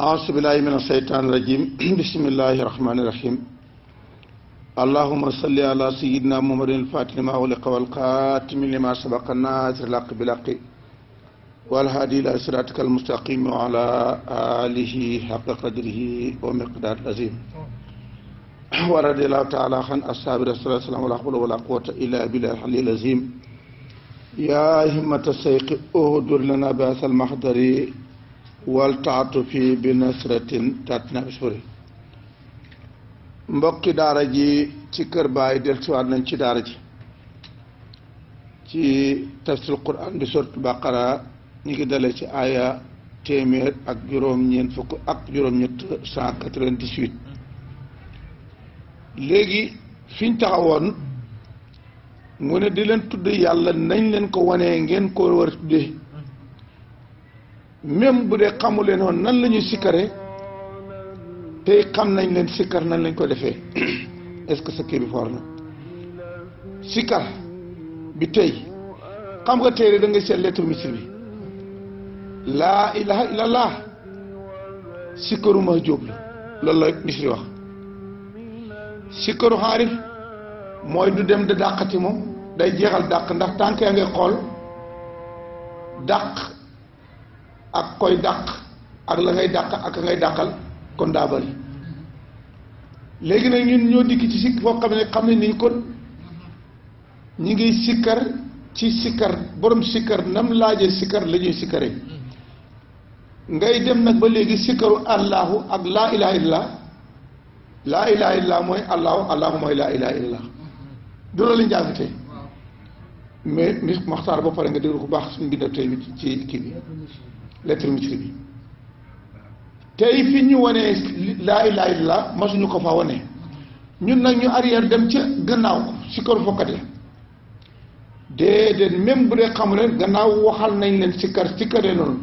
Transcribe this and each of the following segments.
أعوذ بالله من الشيطان الرجيم بسم الله الرحمن الرحيم اللهم صل على سيدنا محمد الفاتح لما أغلق والقاتم لما سبق الناصر الحق بالحق والهادي إلى صراطك المستقيم وعلى آله حق قدره ومقدار العظيم ورضي الله تعالى عن أصحاب رسول الله صلى الله عليه وسلم ولا قوة إلا بالله العلي العظيم يا همة السيق اهدر لنا بأس المحضر wal taatufi bi nasratin tatina bisuri mbokki daara ji ci kër baay dellusiwaat nañ ci daara ji ci tafsir quran bi sortu baqara ñi ngi dalee ci aaya téeméer ak juróom-ñeent léegi fiñ taxawoon mu ne di leen tudd yàlla nañ leen ko wone ngeen ko war a même bu dee xamu leen woon nan la ñuy sikkare tey xam nañ leen sikkar nan lañ ko defee est-ce que sa kii bi foor na sikkar bi tey xam nga téere da ngay seet lettre misil bi laa ilaha la sikkaru ma jóob la loolu la misri wax sikkaru xaarif mooy du dem da dàqati moom day jeexal dàq ndax tànk yaa ngay xool dàq ak koy dàq ak la ngay dàq ak ngay dàqal kon daa bëri léegi nag ñun ñoo dikk ci sikk foo xam ne xam ne niñ kon ñi ngi sikkar ci sikkar borom sikkar nam laajee sikkar la ñuy sikkaree ngay dem nag ba léegi sikkaru allahu ak laa ilaha illallah laa ilaha illallah mooy allahu allahu mooy laa ilaha illallah du loolu njàngite mais mi maxtaar ba pare nga déglu ko baax suñu mbindab tey ci kii bi lettre misri bi tey fi ñu wanee laa ilaaha illallaah masuñu ko fa wane ñun nag ñu arrière dem ci gannaaw si kër fokkate déedéet même bu dee xamu leen gannaaw waxal nañ leen si kar si karee noonu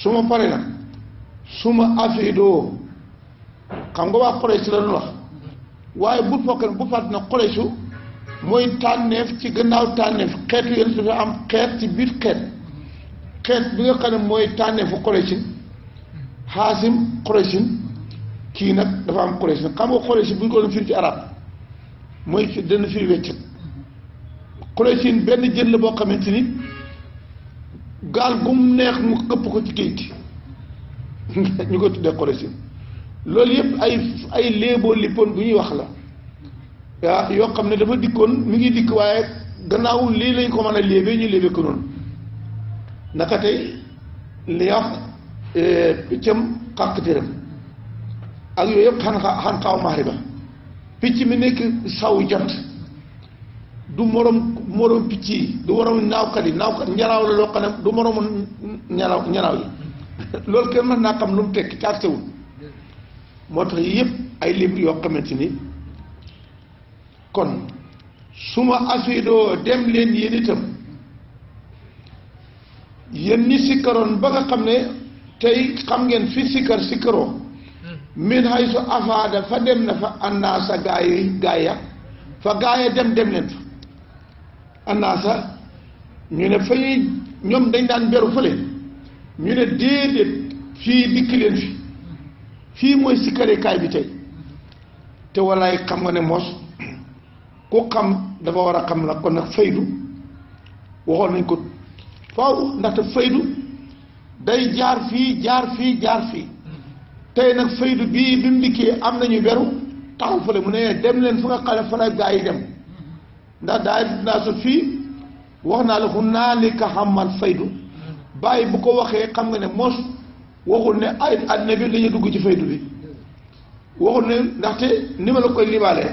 su ma pare nag su ma afidoo xam nga waa Quraysh la ñu wax waaye bu fokkee bu fàtt na Quraysh mooy tànneef ci gannaaw tànneef xeetu yéen su am xeet ci biir xeet xeet bi nga xam ne mooy tànnee tànneefu Quraysin xaasim Quraysin kii nag dafa am Quraysin xam nga Quraysin bu ñu ko doon firi ci arab mooy dana firi weccet Quraysin benn jën la boo xamante ni gaal gu neex mu këpp ko ci géej gi ñu ko tuddee Quraysin loolu yëpp ay ay léeboo lippoon bu ñuy wax la waaw yoo xam ne dafa dikkoon mu ngi dikk waaye gannaaw lii lañ ko mën a léebee ñu léebee ko naka tey liyax eh, piccam xàq téram ak yooyu yëpp xan xan xaaw mahriba picc mi nekk saw jant du morom morom picc yi du morom naawkat yi naawkat ñaraaw la loo xam ne du moromu ñaraaw ñaraaw yi loolu kenn mën naa xam lu mu tekki cartewul moo tax yëpp ay livre yoo xamante ni kon su ma asidoo dem leen yéen itam yéen ñi ba nga xam ne tey xam ngeen fi sikar sikaro hmm. min hay su afaada fa dem na fa annaasa gaay gaaya fa gaaya dem dem leen fa annaasa ñu ne fa ñuy ñoom dañ daan beru fële ñu ne déedéet fii dikk leen fi fii mooy kay bi tey te walaay xam nga ne mos ku xam dafa war a xam la kon nag faydu waxoon nañ ko faaw ndaxte faydu day jaar fii jaar fii jaar fii tey nag faydu bii bi mu dikkee am nañu beru taxaw fële mu ne dem leen fu nga xale ne fa la gaa yi dem ndax daay dinaa sut fii wax naa la hunaalika xamal faydu bàyyi bu ko waxee xam nga ne mos waxul ne ay àddina bi dañuy dugg ci faydu bi waxul ne ndaxte ni ma la koy libaalee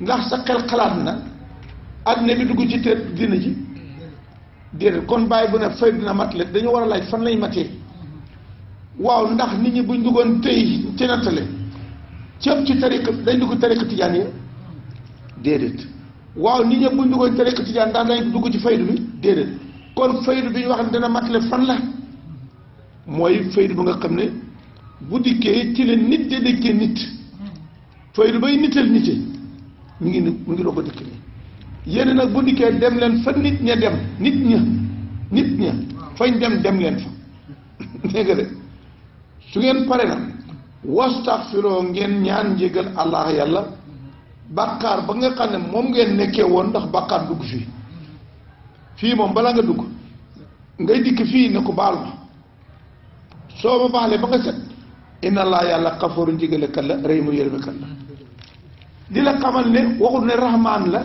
ndax sa xel xalaat na àddina bi dugg ci te dina ji déedéet kon bàyyi bu ne fay dina matale dañu war a laaj fan lañ matee waaw ndax nit ñi buñ duggoon tey ci nattale ci ëpp ci tariqa dañ dugg tariqa tijaan yi déedéet waaw nit ñi buñ duggoon tariqa tijaan ndax dañ dugg ci faydu bi déedéet kon faydu bi ñu wax ne dina matale fan la mooy faydu bi nga xam ne bu dikkee ci la nit de dikkee nit faydu bay nital nit yi mu ngi mu ngi doog a dikk nii yéen nag bu dikkee dem leen fa nit ña dem nit ña nit ña fañ dem dem leen fa dégg de su ngeen pare na wastaxfiroo ngeen ñaan njégal allah yàlla bàkkaar ba nga xam ne moom ngeen nekkee woon ndax bàkkaar dugg fii fii moom balaa nga dugg ngay dikk fii ne ko baal ma soo ma baaxlee ba nga set inna laa yàlla xafooru njégale kat la rëy mu yërëme la di la xamal ne waxul ne rahmaan la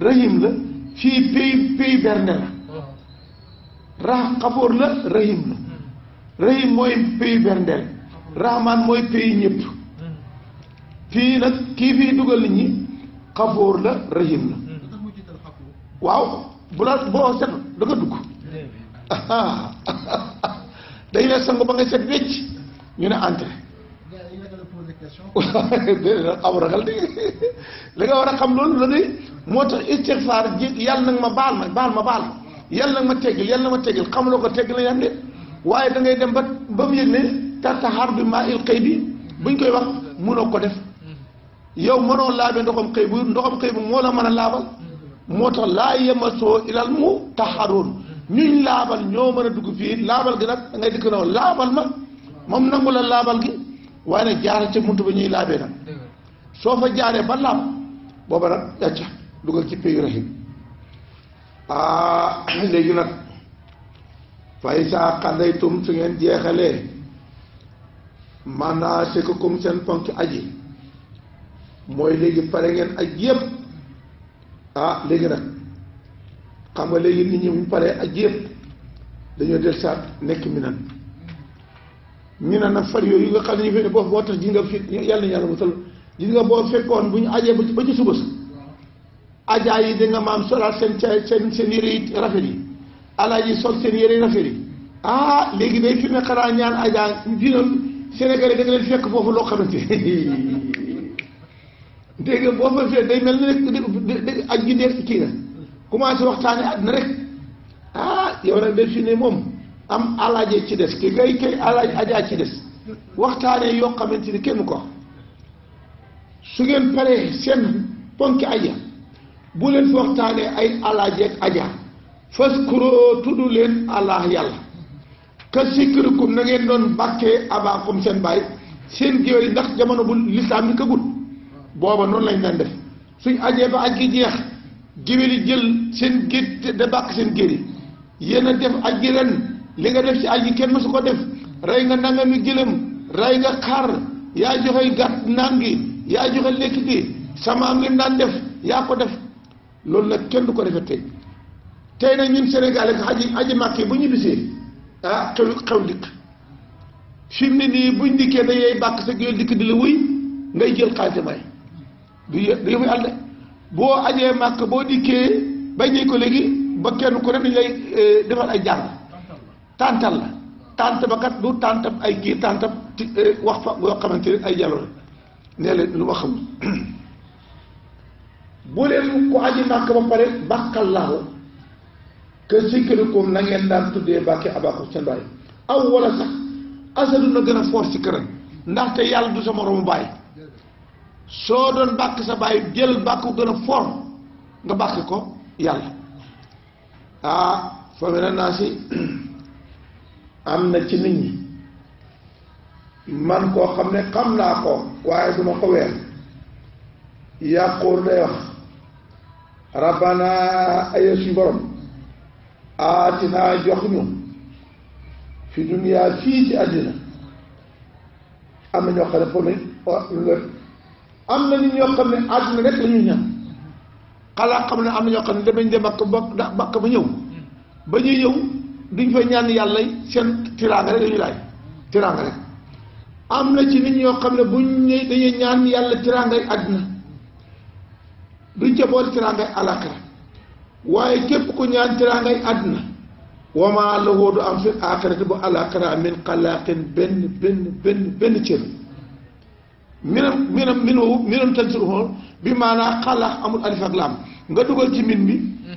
rahim la fii pays pays berne la rax xafoor la rahim la rahim mooy pays berndeel rahman mooy pays ñëpp fii nag kii fii dugal nit ñi xafoor la rahim la waaw bu la boo set da nga dugg dañ ne sangu ba nga set wécc ñu ne entré waaw déedéet xaw de li nga war a xam loolu la de موتر tax istixfaar ji yàlla nag ma baal ma baal ma baal ma yàlla nag ma teggil yàlla ma teggil xamuloo ko teggil la yam de waaye da ngay dem ba ba mu yëg ne tartaxaar bi maa il xëy bi buñ koy wax mënoo ko def yow mënoo laabe ndoxam xëy bu ndoxam xëy bu moo la mën a laabal moo tax laa yemasoo ilal ñuñ laabal ñoo mën dugg fii laabal gi nag ngay dikk naw laabal ma moom nangu la laabal gi waaye nag jaara muntu ba ñuy laabee nag soo fa jaaree ba laab booba nag yàcca dugal ci payu rahim ah léegi nak fay saa xadaytum su ngeen jeexalee kum sen ponk aji moy léegi ah, pare ngeen aj yeb ah léegi nak xam nga léegi nit ñi mu pare aj yeb dañu del saat nek minan minan nag far yooyu nga xam ñu fi ne bo boo tax ji nga fi yalla na mu tal ji nga boo fekkoon bu ba ci suba sa ajaa yi da nga maam solaat seen ca seen seen yére yi rafet yi alaaji sol seen yére yi rafet yi ah léegi day fi ne xanaa ñaan ajaa dinoon yi da nga leen fekk foofu loo xamante dégg nga boo fa fee day mel ni rek ak gi dee kii na commencé waxtaane rek ah yow nag fi ne moom am alaaje ci des ki ngay kay alaaj ajaa ci des waxtaane yoo xamante ni kenn ko su ngeen paree seen ponki aja bu leen waxtaanee ay alaaji ak aja faskuroo tudd leen allah yàlla ka sikirikum na ngeen doon bàkkee abaakum seen bàyyi seen géwél yi ndax jamono bu lislaam bi këgut booba noonu lañ daan def suñ ajee ba aj gi jeex géwél yi jël seen gétt da bàkk seen géer yi yéen def aj gi ren li nga def ci aj gi kenn su ko def rey nga nangami gëlëm rey nga xar yaa joxe gàtt naan gi yaa joxe lekk gi samaam li daan def yaa ko def loolu nag kenn du ko defee tey tey nag ñun Sénégal ak aji aji màkk yi bu ñu bisee ah xew xew ndikk fi mu ne nii buñ dikkee dañ lay bàkk sa géwél dikk di la wuy ngay jël xaalis may du yë du yëfu àll boo ajee màkk boo dikkee bañ nañ ko léegi ba kenn ku ne dañ lay eh, defal ay jàng tàntal la tànt ba kat du tàntab ay kii tàntab eh, wax fa yoo xamante ne ay jalo la nee lu ma xamul bu leen ko aji màkk ba pare bàkkal laahu que sikirikum na ngeen daan tuddee bàkke abaku seen bàyyi aw wala sax asadu na gën a foor si këram ndaxte yàlla du sa moromu bàyyi soo doon bàkk sa bàyyi jël bàkk gën a foor nga bàkk ko yàlla ah fa naa si am na ci nit ñi man koo xam ne xam naa ko waaye duma ko weer yàquur day wax rabbana aye suñu borom aatina jox ñu fi duniyaa fii ci àddina am na ñoo xam ne foofu lañ oh, am na ñu ñoo xam ne àddina rek la ñuy ñaan xalaat xam ne am na ñoo xam ne damañ dem ak bokk da bakk ba ñëw ba ñuy ñëw duñ fa ñaan yàlla seen tiraanga rek la ñuy laaj tiraanga rek am na ci nit ñoo xam ne buñ dañuy ñaan yàlla tiraanga àddina duñ ca boole tiraangay alaaxira waaye képp ku ñaan tiraangay àddina wamaa lahu du am fil aaxirati bu alaaxira min xalaaqin benn benn benn benn cër minam minam minam minam tansiruhu bi maanaa xalaax amul alif ak laam nga dugal ci min bi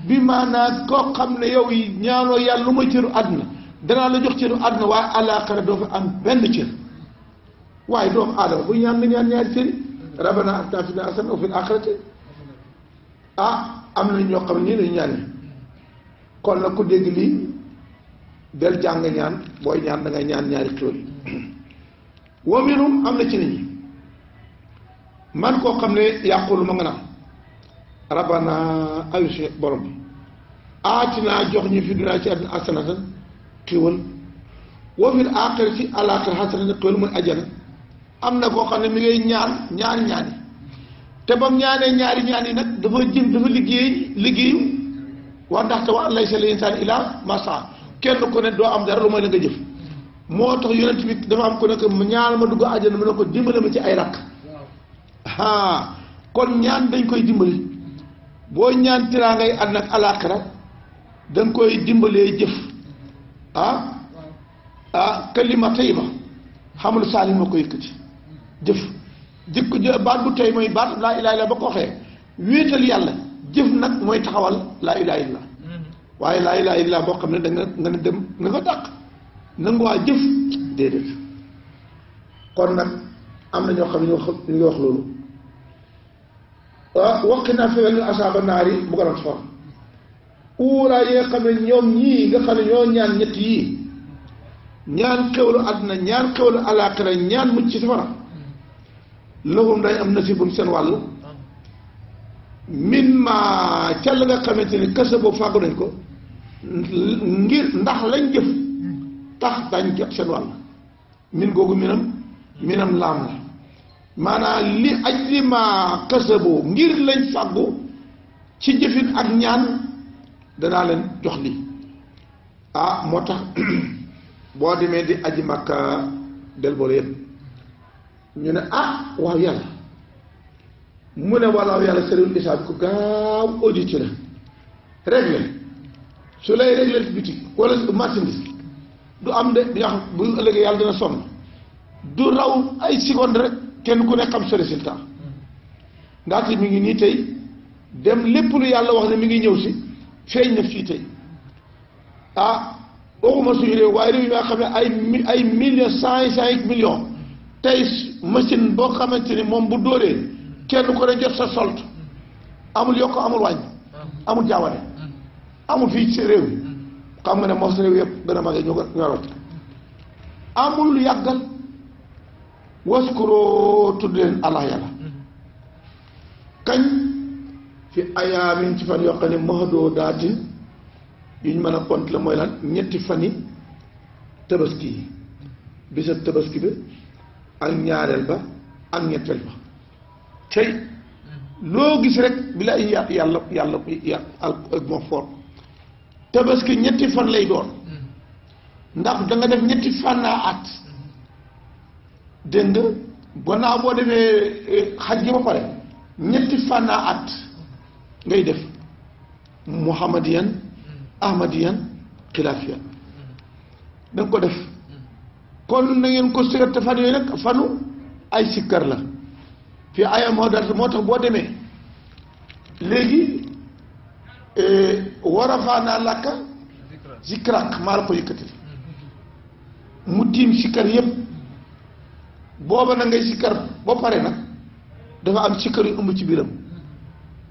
bi maanaa koo xam ne yow yi ñaanoo yàlla lu may cëru àdduna danaa la jox cëru àdduna waaye alaaxira doo fa am benn cër waaye doomu aadama bu ñaan nga ñaan ñaari cëri rabbana atina fid dunya hasanatan wa fil aaxirati ah am na ñoo xam nii lañu ñaane kon na ku dégg lii del jàng ñaan booy ñaan da ngay ñaan ñaari xéwal wa minhum am na ci nit man koo xam ne yàqulu ma nga naan rabbana yi borom bi aatinaa jox ñu fi dunaa ci àddina asanatan xéwal wa fil aaxira ci alaaxira xasanatan xéwal mooy ajana am na koo xam ne mi ngay ñaan ñaan ñaani te bam ñaanee ñaari ñaan yi nag dafa jëm dafa liggéey liggéeyu waa ndaxte wa an laysa lil insaani illaa maa saa kenn ko ne doo am dara lu mooy la nga jëf moo tax yonent bi dafa am ko ne ñaan ma dugg àjjana mu ne ko dimbale ma ci ay rakk ah kon ñaan dañ koy dimbale boo ñaan tiraangay ànd ak alaaxira dañ koy dimbalee jëf ah ah kalima tayyiba xamul saalim ma ko yëkkati jëf. jikko baat bu tey mooy baat laa ilaaha illa ba ko waxee wéetal yàlla jëf nag mooy taxawal laa ilaaha illa boo xam ne da nga nga ne dem nga ko dàq nanguwaa jëf déedéet kon nag am na ñoo xam ne ñu wax loolu ah, naa fewel ñu asaaba naar yi mu garat xor xam ne ñoo ñaan ñett yii ñaan xewlu àdduna ñaan xewlu alaaxira ñaan mucc ci safara lahum day am nasibun seen wàll min ma ca nga xamante ni kese boobu fàggu nañ ko ngir ndax lañ jëf tax dañ jot seen wàll min googu minam minam laam la maanaam li ajli ma kese boobu ngir lañ fàggu ci jëfin ak ñaan danaa leen jox lii ah moo tax boo demee di aji makka del boole yëpp ñu ne ah waaw yàlla mu ne walaaw yàlla sariwul isaab ko gaaw audit la réglé su lay réglé bitig wala marchandise du am de nga xam bu ëllëgee yàlla dina sonn du raw ay seconde rek kenn ku nekk am sa résultat ndaxte mi ngi nii tey dem lépp lu yàlla wax ne mi ngi ñëw si feeñ na fii tey ah waxuma suñu réew waaye réew yi nga xam ne ay ay cent cent et tey machine boo xamante ni moom bu dóoree kenn ko ne jot sa solt amul yokk amul wàññ amul jaawale amul fii ci réew mi xam nga ne moom sa réew yëpp gën a magee ñu ñorot amul yàggal waskuroo tudd leen allah yàlla fi ayaamin ci fan yoo xam ne mahadoo daatin yu mën a compte la mooy lan ñetti fan yi tabaski yi bisa tabaski bi ak ñaareel ba ak ñetteel ba tey loo gis rek bi lay yàlla yàlla yàlla ak moo foor tabaski ñetti fan lay doon ndax danga nga def ñetti fan naa at dégg nga boo defee eh, xaj gi ba pare ñetti fan naa ngay def muhammadiyan ahmadiyan xilaafiyan da ko def kon na ngeen ko sirat te fan yooyu nag fanu ay sikkar la fii ayam moo dara moo tax boo demee léegi eh, war a faanaa làkka zikrak maa la ko yëkkatil mu tiim sikkar yépp booba na ngay sikkar ba pare nag dafa am sikkar yu ëmb ci biiram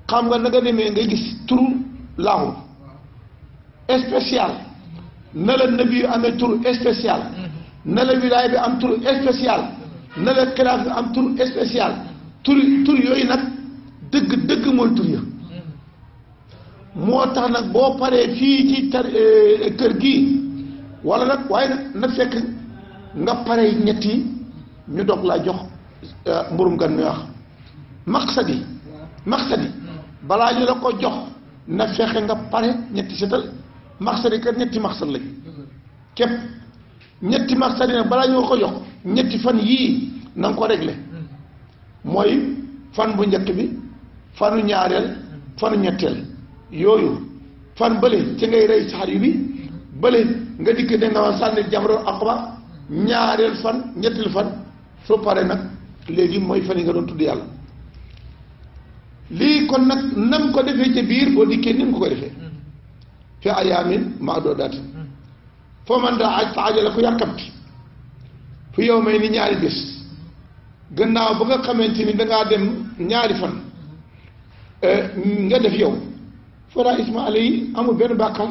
xam nga na nga demee ngay gis turu laahu spécial na la nabi yu amee turu spécial na la wilaay bi am tur spécial na la xilaaf bi am tur spécial tur tur yooyu nag dëgg dëgg mooy tur ya moo tax nag boo paree fii ci tar eh, kër gi wala nag waaye nag na fekk nga pare ñett ñu dog laa jox eh, mburum gan mi wax maqsadi maqsadi balaa ñu la ko jox na fexe nga pare ñetti setal maqsadi kat ñetti maqsad lañ képp ñetti marsadi nag balaa ñu ko jox ñetti fan yii na ko réglé mooy fan bu njëkk bi fanu ñaareel fanu ñetteel yooyu fan bële ci ngay rey saar yu bi bële nga dikk de nga wax sànni jamroon aqaba ñaareel fan ñetteel fan soo paree nag léegi mooy fan yi nga doon tudd yàlla lii kon nag nam ko defee ca biir boo dikkee ni mu ko koy defee mm. fi ayaamin maa doo foo man daa aj fa ajala ku yàkkamti fu yow may ni ñaari bés gannaaw ba nga xamante ni dangaa dem ñaari fan eh, nga def yow fala isma alayhi amul benn bàkkaar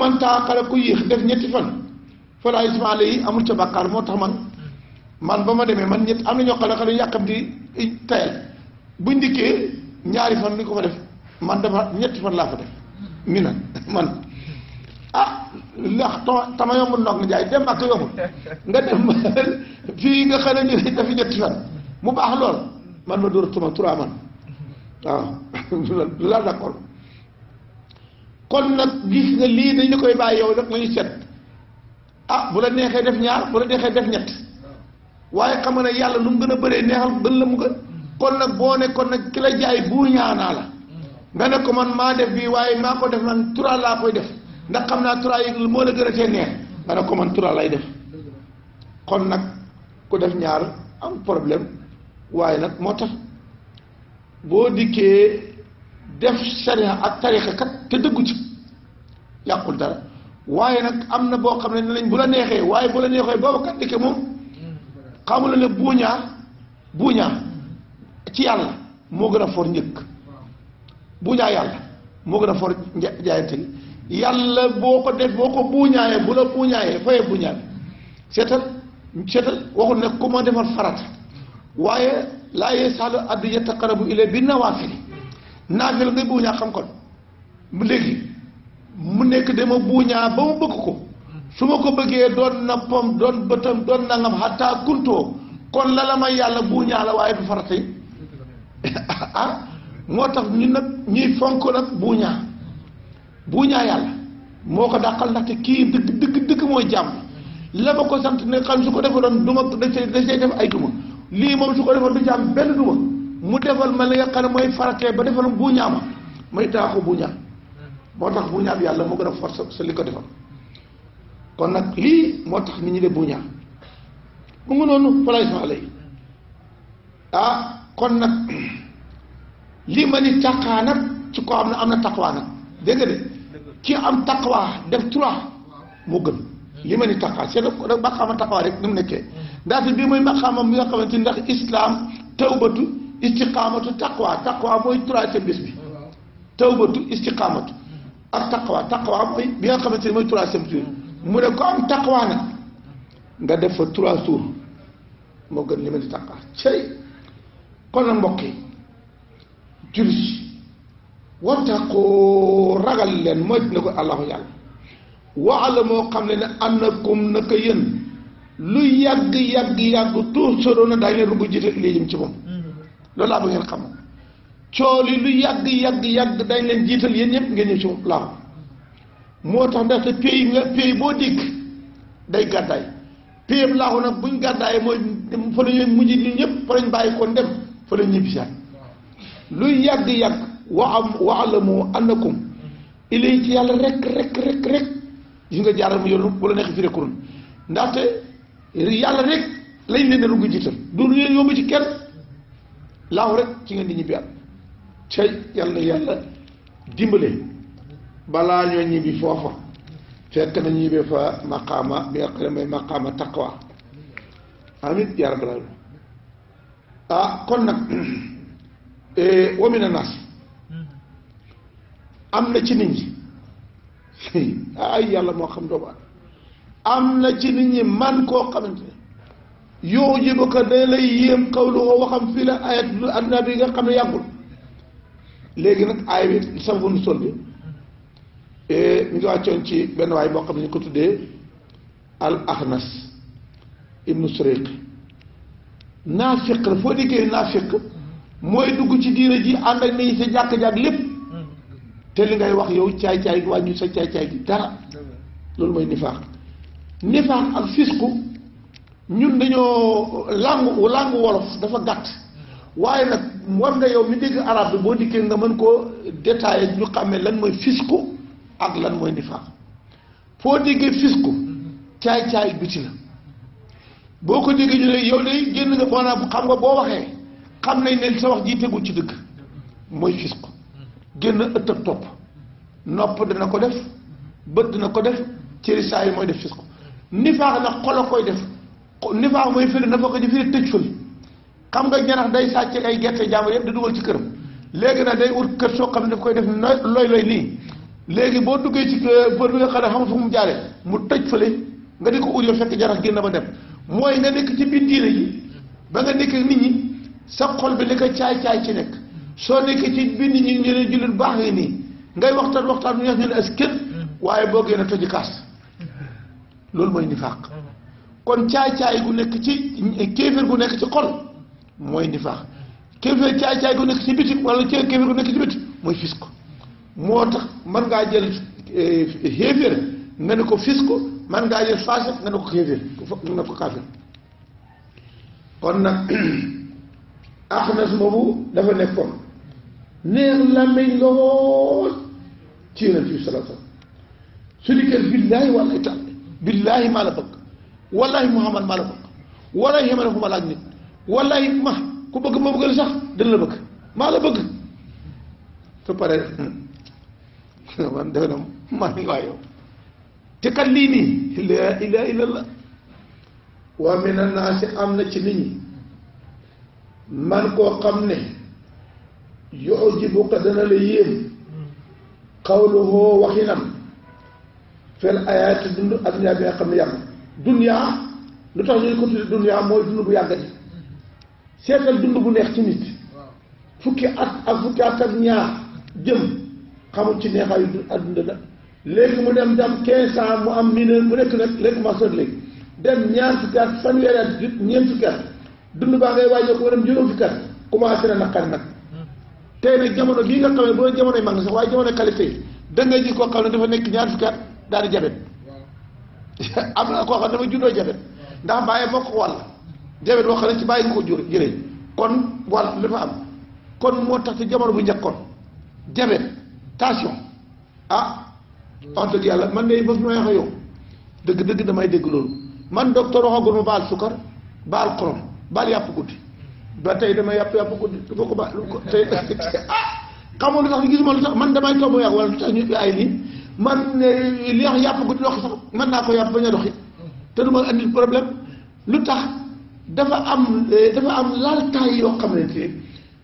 man taaqala ku def ñetti fan fala isma amul ca bàkkaar moo tax man man ba ma demee man ñett am na ñoo xam ne xale yàkkamti eh, tayal buñ dikkee ñaari fan ni ko fa def man dafa ñetti fan laa fa def mi na man ndax tama tama yombul ndox mi jaay dem ak yombul nga dem fii nga xam ne ñu ne dafa ñetti fan mu baax lool man ma dóor tuma trois man waaw la d'accord kon nag gis nga lii dañu koy bàyyi yow nag muy ah, bu la neexee def ñaar bu la neexee def ñett waaye xam nga ne yàlla lu mu gën a bëree neexal gën la mu gën kon nag boo ne kon nag ki la jaay bu ñaanaa la nga ne ko man maa def bii waaye maa ko def man trois laa koy def ndax xam naa tura yi moo la gën a tee neex nga ne ko man tura lay def kon nag ku def ñaar am problème waaye nag moo tax boo dikkee def sariya ak tarixa kat te dëggu ci yàqul dara waaye nag am na boo xam ne ne nañ bu la neexee waaye bu la neexee booba kat dikkee moom xamula ne buuñaa buuñaa ci yàlla moo gën a for njëkk buuñaa yàlla moo gën a for jaayante gi yàlla boo ko def boo ko buuñaayee bu la buuñaayee fayee buuñaay seetal seetal waxul ne ku ma defal farata waaye laa yasaalu abdi yataqarrabu ilay bi nawaafil naafil ngay buuñaa xam kon mu léegi mu nekk dama buuñaa ba mu bëgg ko su ma ko bëggee doon nappam doon bëtam doon nangam xataa kuntoo kon la la may yàlla buuñaa la waaye du farata yi ah moo tax ñu nag ñuy fonk nag buuñaa buuñaa yàlla moo ko dàqal ndaxte kii dëgg dëkk dëkk mooy jàmm la ma ko sant ne xam su ko defee doon du da cee da cee def ay duma lii moom su ko defoon du ci am benn duma mu defal ma li nga xam ne mooy faratee ba defal buuñaa ma may taaxu buuñaa moo tax buuñaa bi yàlla moo gën a force sa li ko defal kon nag lii moo tax nit ñi de buuñaa mu ngi noonu falay soxla yi ah kon nag lii ma ni càqaa nag ci ko xam ne am na taqwaa nag dégg de ki am taqwa def trois moo gën li ma ni taqwa c'est que ma taqwa rek ni mu nekkee ndaxte bii mooy maqaama mi nga xamante ni ndax islam tawbatu istiqaamatu taqwa taqwa mooy trois ca bis bi tawbatu istiqaamatu ak taqwa taqwa mooy bi nga xamante ni mooy troisième jour mu ne ko am taqwa nag nga def fa trois jours moo gën li ma ni taqwa cëy kon nag mbokk yi ko ragal leen moytu na ko allahu yàlla waxala moo xam ne ne annakum naka yéen lu yàgg yàgg yàgg tuur soro na daa ngeen rugg jiite lii jëm ci moom loolu laa ba ngeen xam cool yi lu yàgg yàgg yàgg dañ leen jiital yéen ñëpp ngeen ñëw ci laaw moo tax ndaxte pays nga pays boo dikk day gàddaay pays yëpp laaxu nag buñ gàddaay fa la mujj ñun ñëpp fa lañ bàyyi ko dem fa la ñuy ñibbisiwaat luy yàgg yàgg wax am waalamu annakum ilay ci yàlla rek rek rek rek yi nga jaaral mu yoonu bu la nekk firi kurun ndaxte yàlla rek lañ leen ne lu ngi jiital du lu leen ci kenn laaw rek ci ngeen di ñibbi at tey yàlla yàlla dimbale balaa ñoo ñibbi foofa fekk na ñibbee fa maqaama bi nga xam ne mooy maqaama taqwa amit yaa rabbal ah kon nag eh, wa am na ci nit ñi ay yàlla moo xam doomu am na ci nit ñi man koo xamante ne yow ji ba ko day lay yéem xawlu ko waxam fii la ayat lu àdduna bi nga xam ne yàggul léegi nag ay bi sababun sol bi e, ñu ngi wàccoon ci benn waay boo xam ne ñu ko tuddee al ahnas ibnu suriq naafiq la foo déggee naafiq mooy dugg ci diina ji ànd ak nañu sa jàkk-jàkk lépp te li ngay wax yow caay-caay gi wàññi sa caay-caay gi dara loolu mooy nifaax nifaax ak fisku ñun dañoo langu langu wolof dafa gàtt waaye nag war nga yow mi dégg arab bi boo dikkee nga mën koo détaillé ñu xàmmee lan mooy fisku ak lan mooy nifaax foo déggee fisku caay-caay biti la boo ko déggee ñu ne yow de génn nga maanaam xam nga boo waxee xam nañ ne sa wax ji tegul ci dëgg mooy fisku génn ëtt ak topp nopp dana ko def bët dina ko def ci saa yi mooy def ci ko nifaax nag xol a koy def nifaax mooy firi na fa ko di firi tëj xam nga janax day sàcc ay gerte jàmbur yëpp di dugal ci këram léegi nag day ut kër soo xam ne daf koy def looy looy nii léegi boo duggee ci bër bi nga xam ne xam fu mu jaare mu tëj fële nga di ko ut yow fekk janax génn ba dem mooy nga nekk ci biir diine ji ba nga nekk nit ñi sa xol bi li ko caay-caay ci nekk soo nekkee ci bind ñi ngi leen jullit baax nga nii ngay waxtaan waxtaan bu neex ñu ne as kët waaye boo génne toji kaas loolu mooy nifaaq kon caay-caay gu nekk ci kéeféer gu nekk ci xol mooy nifaaq kéeféer caay-caay gu nekk ci biti wala kéeféer gu nekk ci biti mooy fisq moo tax man ngaa jël eh, xéeféer nga ne ko fisq mën ngaa jël faasiq nga ne ko kéeféer nga ne ko kaafir kon nag axnas moomu dafa nekkoon neex làmmiñ lool ci yonent bi salaatu su dikkee billaahi wallaahi taal billaahi maa la bëgg wallaahi muhammad maa la bëgg wallaahi yemale ma laaj nit wallaahi ma ku bëgg ma bëgg la sax la bëgg maa la bëgg su paree man defe na maa ngi waa yow te kat lii nii laa ilaaha illallaah wa mina naasi am na ci nit man koo xam ne yoo ji bu ko dana la yéem xawluhoo waxinam fel ayaati dund addunyaa bi nga xam ne yàgg dunyaa lu tax ñu ko tudde dunyaa mooy dund bu yàggati seetal dund bu neex ci nit fukki at ak fukki at ak ñaar jëm xamul ci neexaayu du adduna la léegi mu dem dem quinze ans mu am mineur mu nekk nag lekk master léegi dem ñaar fukki at fanweeri at ñeent fukki at dund baa ngay waajoo ko dem juróom fukki at commencé na naqar nag tey nag jamono bii nga xam ne boo jamonoy mag na sax waaye jamono qualité yi da koo xam ne dafa nekk ñaar fukki at daal di na koo xam ne dafa juddoo jabet ndax bàyyi ko wàll jabet boo xam ne ci bàyyi ko jur jëlee kon dafa am kon moo tax ci jamono bu njëkkoon jabet tension ah wax dëgg yàlla man de bés may wax dëgg dëgg damay dégg loolu man docteur waxagul baal sukar baal xorom baal yàpp guddi ba tey dama yàpp yàpp ko du ma ko ba tey ah xamoo lu tax gisuma lu tax man damay toog ba yàq wala lu tax ñu ay lii man li wax yàpp ko di dox naa ko yàpp bañ a doxi te du ma andil problème lu tax dafa am eh, dafa am laltaay yoo xam ne te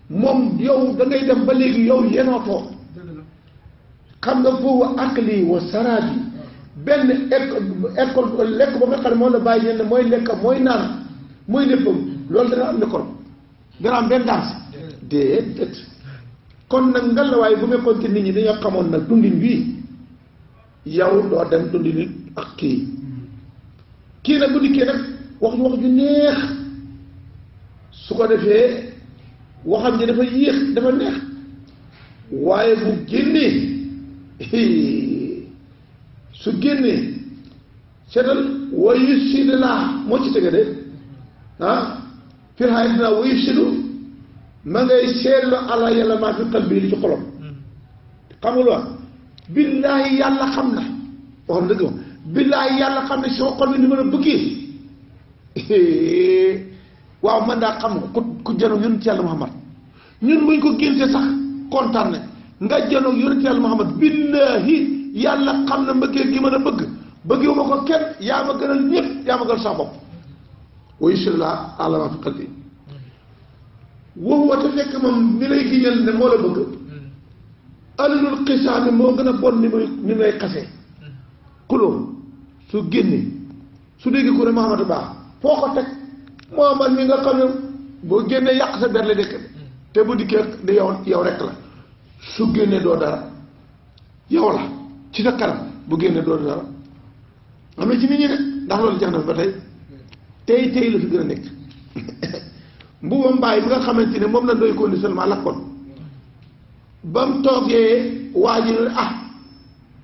moom yow da ngay dem ba léegi yow yenootoo xam nga foofu ak lii wa saraat yi benn école lekk ba nga xam ne moom la bàyyi yenn mooy lekk mooy naan mooy léppam loolu dana am dana am benn danse déedéet kon nag ngelawaay bu fekkoon ci nit ñi dañoo xamoon nag dundin bii yow doo dem dundin ak kii kii nag bu dikkee nag wax ñu wax ju neex su ko defee waxam ji dafa yéex dafa neex waaye bu génnee su génnee seetal wayu si laa moo ci tege de ah? fil xayma naa si lu ma ngay seetlu ala yàlla maa fi qalbi li ci xolom xam nga lu wax billaahi yàlla xam na wax na dëgg ma xol bi ni ma la bëggee waaw man daa xam ku ku janoog yonent yàlla Muhammad ñun buñ ko génte sax kontaan nañ nga janoog yonent yàlla Muhammad billaahi yàlla xam na mbëggeel gi ma la bëgg bëggewu ma ko kenn yaa ma gënal ñëpp yaa ma gënal sa bopp. wa yushir la alama fi qalbi waxuwa te fekk moom ni lay giñal ne moo la bëgg alalul xisaami moo gën a bon ni muy ni lay xase xuloo su génne su dégg ko ne Mouhamad baax foo ko teg Mouhamad mi nga xam ne boo génnee yàq sa berle dëkk te bu dikkee di yow yow rek la su génnee doo dara yow la ci sa kanam bu génnee doo dara am na ci nit ñi de ndax loolu jeex na ba tey tey tey la fi gën a nekk mu mbaay bi nga xamante ne moom la doy conditionnement lakkoon ba mu toogee waa ji ah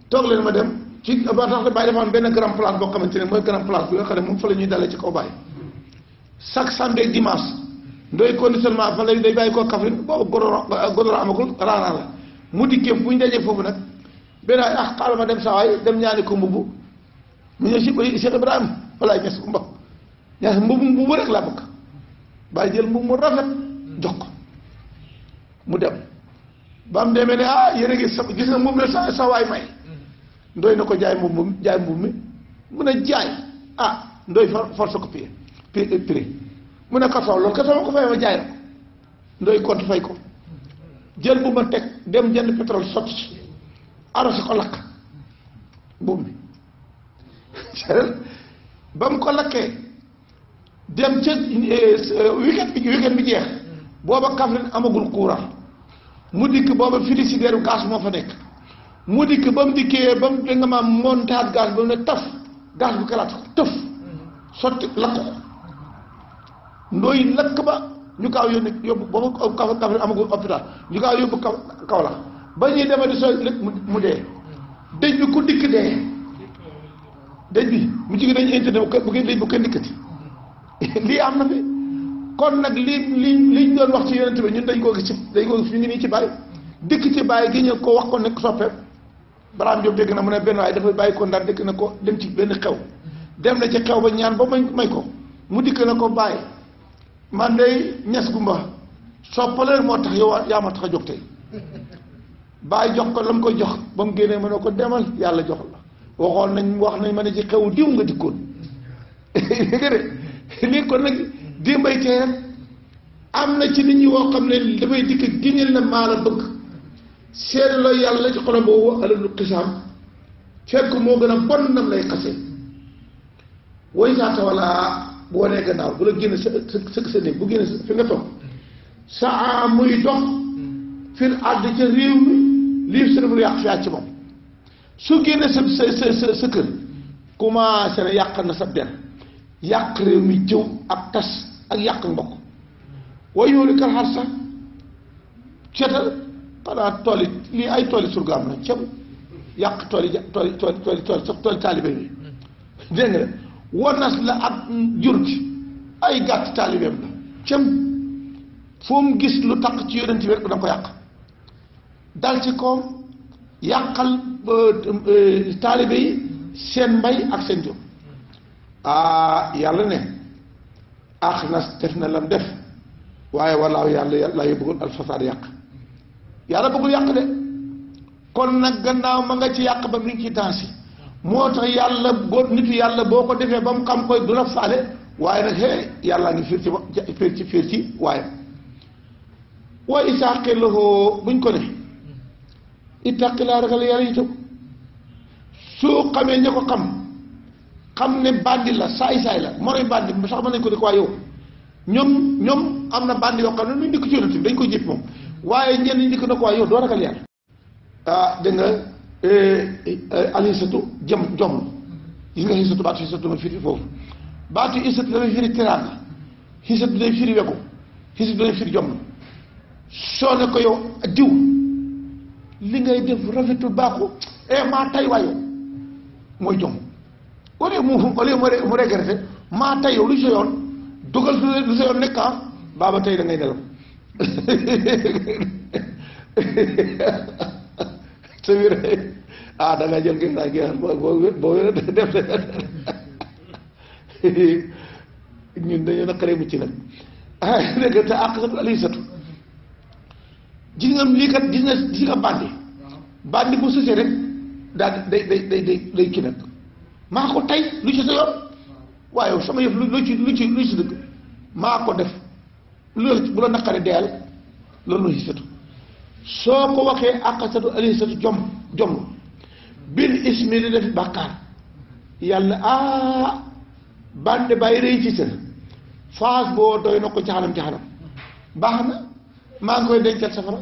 toog leen ma dem ci ba tax na bàyyi dafa benn grand place boo xamante ne mooy grand place bi nga xam moom fa la ñuy dalee ci kaw bàyyi chaque samedi ak dimanche ndoy conditionnement fa lay day bàyyi koo Kaffrine boobu Godora Godora amagul raanaa la mu dikkee bu ñu dajee foofu nag benn ah xaaral dem saa dem ñaani ko mbubb mu ñëw si Cheikh Ibrahima walaay ñes kumba yaa ngi mbubb mbubb rek laa bëgg bàyyi jël mbubb mu rafet jox ko mu dem ba mu demee ne ah yéen a ngi sa gis nga mbubb mi sa sa waay may ndoy na ko jaay mbubb mi jaay mbubb mi mu ne jaay ah ndoy force ko pire prix mu ne kasaw loolu kasaw ko fay jaay na ko ndoy compte fay ko jël bu ma teg dem jënd pétrole sotti ci arrosé ko lakk mbubb mi ba mu ko lakkee dem ca euh, weekend bi weekend bi jeex booba Kaffrine amagul courant mu dikk booba frigidaire gaz moo fa nekk mu dikk ba mu dikkee ba mu danga maam montaat gaz ba mu ne taf gaz bu kalaat ko tëf sotti lakk ko ndooy lakk ba ñu kaaw yónni yóbbu booba Kaffrine amagul hôpital ñu kaaw yóbbu kaw kaw la ba ñuy demati sooy lépp mu dee dëj bi ku dikk dee dëj bi mu jigéen dañu intérêt bu kenn bu kenn dikkati lii am na fi kon nag lii lii ñu doon wax ci yonent bi ñun dañ koo gis ci dañ koo gis ñu nii ci bàyyi dikk ci bàyyi gi ñu ko wax ko nekk soppeem Baraam Diop dégg na mu ne benn waaye dafa bàyyi ko ndax dégg na ko dem ci benn xew dem na ci xew ba ñaan ba may ko mu dikk na ko bàyyi man day ñes gumba soppaleen moo tax yow yaa ma tax a jóg tey bàyyi jox ko la mu ko jox ba mu génnee mu ne ko demal yàlla jox la waxoon nañ wax nañ ma ne ci xew diw nga dikkoon dégg léegi kon nag démbay teer am na ci nit ñi woo xam ne dafay dikk génneel na maa la bëgg seede loo yàlla ci xolam boobu alalu xisaam fekk moo gën a bon nam lay xase woy saata walla boo nee bu la génn sa sëkk sa néeg bu génn fi nga toog saa muy dox fil àdd ca réew mi lii sëriñ lu yàq fi ci moom su génne sa sa sa sa kër commencé na yàq na sa der yàq réew mi jëw ak tas ak yàq mbokk way yoolu kal xar sax cetal xanaa tooli lii ay tooli surgaam la ceeb yàq tooli ja tooli tooli tooli tooli sax tooli taalibe bi dégg nga wanas la ak jur gi ay gàtt taalibe la ceeb foo mu gis lu taq ci yonent bi rek da nga ko yàq dal ci koom yàqal taalibe yi seen mbay ak seen jur ah yàlla ne ax nas def na lam def waaye walaaw yàlla laa yuhibbul fasaad yàq yàlla bëggul yàq de kon nag gannaaw ma nga ci yàq ba mi ngi ci taasi moo tax yàlla boo nitu yàlla boo ko defee ba mu xam koy du la faale waaye nag hee yàllaa ngi fiir ci wa fiir ci fiir ci waaye wa isaaqiloo buñ ko ne ittaqilaa la yàlla itam soo xamee ña ko xam xam ne bandi la saay-saay la moroy bandi sax mën nañ ko di ko waa yow ñoom ñoom am na bandi yoo xam ne luñu dikk ci yonent bi dañ koy jëpp moom waaye ñenn ñi dikk na ko waa yow doo ragal yàlla ah dégg nga eh, eh, ali satu jëm jomm gis nga la soo ne ko yow diw li ngay def rafetul baaxu e eh, maa tay waayo mooy jomm au lieu mu au lieu mu regretté maa tey yow lu sa yoon dugal fi lu sa yoon nekk ah baaba tey da nelaw sa biir ah da nga boo boo wér boo wér dañoo naqaree mucc nag ah dégg te àq ak aliy satu gis nga lii kat day day day day day maa ko tey lu ci sa yoon waaye sama yëf lu ci lu ci lu ci dëgg maa ko def lu bu la naqari deyal loolu xisatu soo ko waxee àqasatu alxisatu jom jom bil ismi li def bàkkaar yàlla ah bande bàyyi rëy ci sa phase boo doy na ko jaxanam jaxanam baax na maa ngi koy dencal safara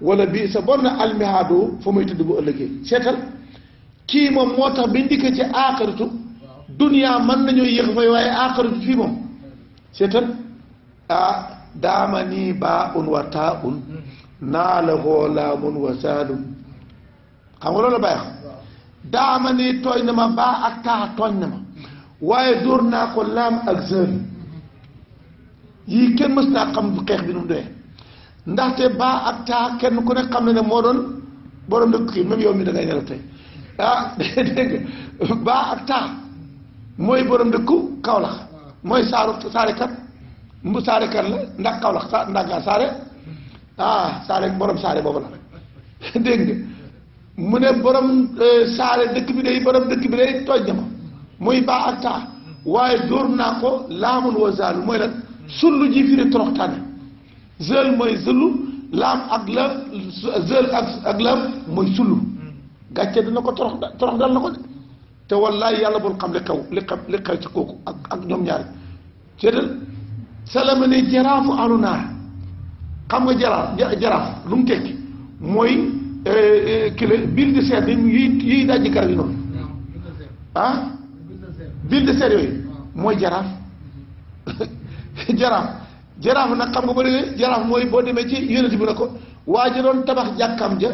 wala bii sa bon na almihaado fa muy tëdd bu ëllëgee seetal kii moo tax biñ dikkee ci aaxaratu duniyaa mën nañu yéex fay waaye aaxaratu fii moom seetal ah daama nii baa un wa taa un naa la koo laamun wa saalun xam nga loolu bàyyi xam daama nii tooñ na ma baa ak taa tooñ na ma waaye dóor naa ko laam ak zël yii kenn mës naa xam xeex bi nu mu doyee ndaxte baa ak taa kenn ku ne xam ne ne moo doon borom dëkk kii même yow mi da ngay nelaw tey ah dégg nga baa ak taa mooy borom dëkku Kaolack mooy saaru saare kat mbu saare kan la ndax Kaolack sa ndaggaa saare ah saare borom saare boobu la dégg nga mu ne borom euh, saare dëkk bi day borom dëkk bi day tooñ na baa ak taa waaye dóor naa ko laamul wa zaalu mooy la sullu ji firi toroxtaane zël mooy zëlu laam ak la zël ak ak mooy sullu gàcce dina ko torox torox dal na ko de te wallaay yàlla bul xam li xew li xew ci kooku ak ak ñoom ñaar seetal salama ne jaraafu alu xam nga jaraaf jaraaf lu mu tekki mooy eh, eh, kilo bill de serre yi yi dajji garab yi noonu ah bill de nag xam nga ba déggee jaraaf mooy boo demee ci yonent bi ne ko waa ji doon tabax jàkkaam ja